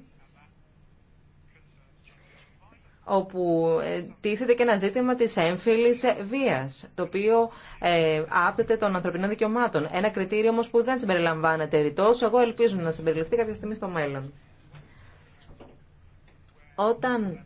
Speaker 4: όπου ε, τίθεται και ένα ζήτημα της έμφυλης βίας, το οποίο ε, άπτεται των ανθρωπινών δικαιωμάτων. Ένα κριτήριο όμως που δεν συμπεριλαμβάνεται ρητός, εγώ ελπίζω να συμπεριληφθεί κάποια στιγμή στο μέλλον. Όταν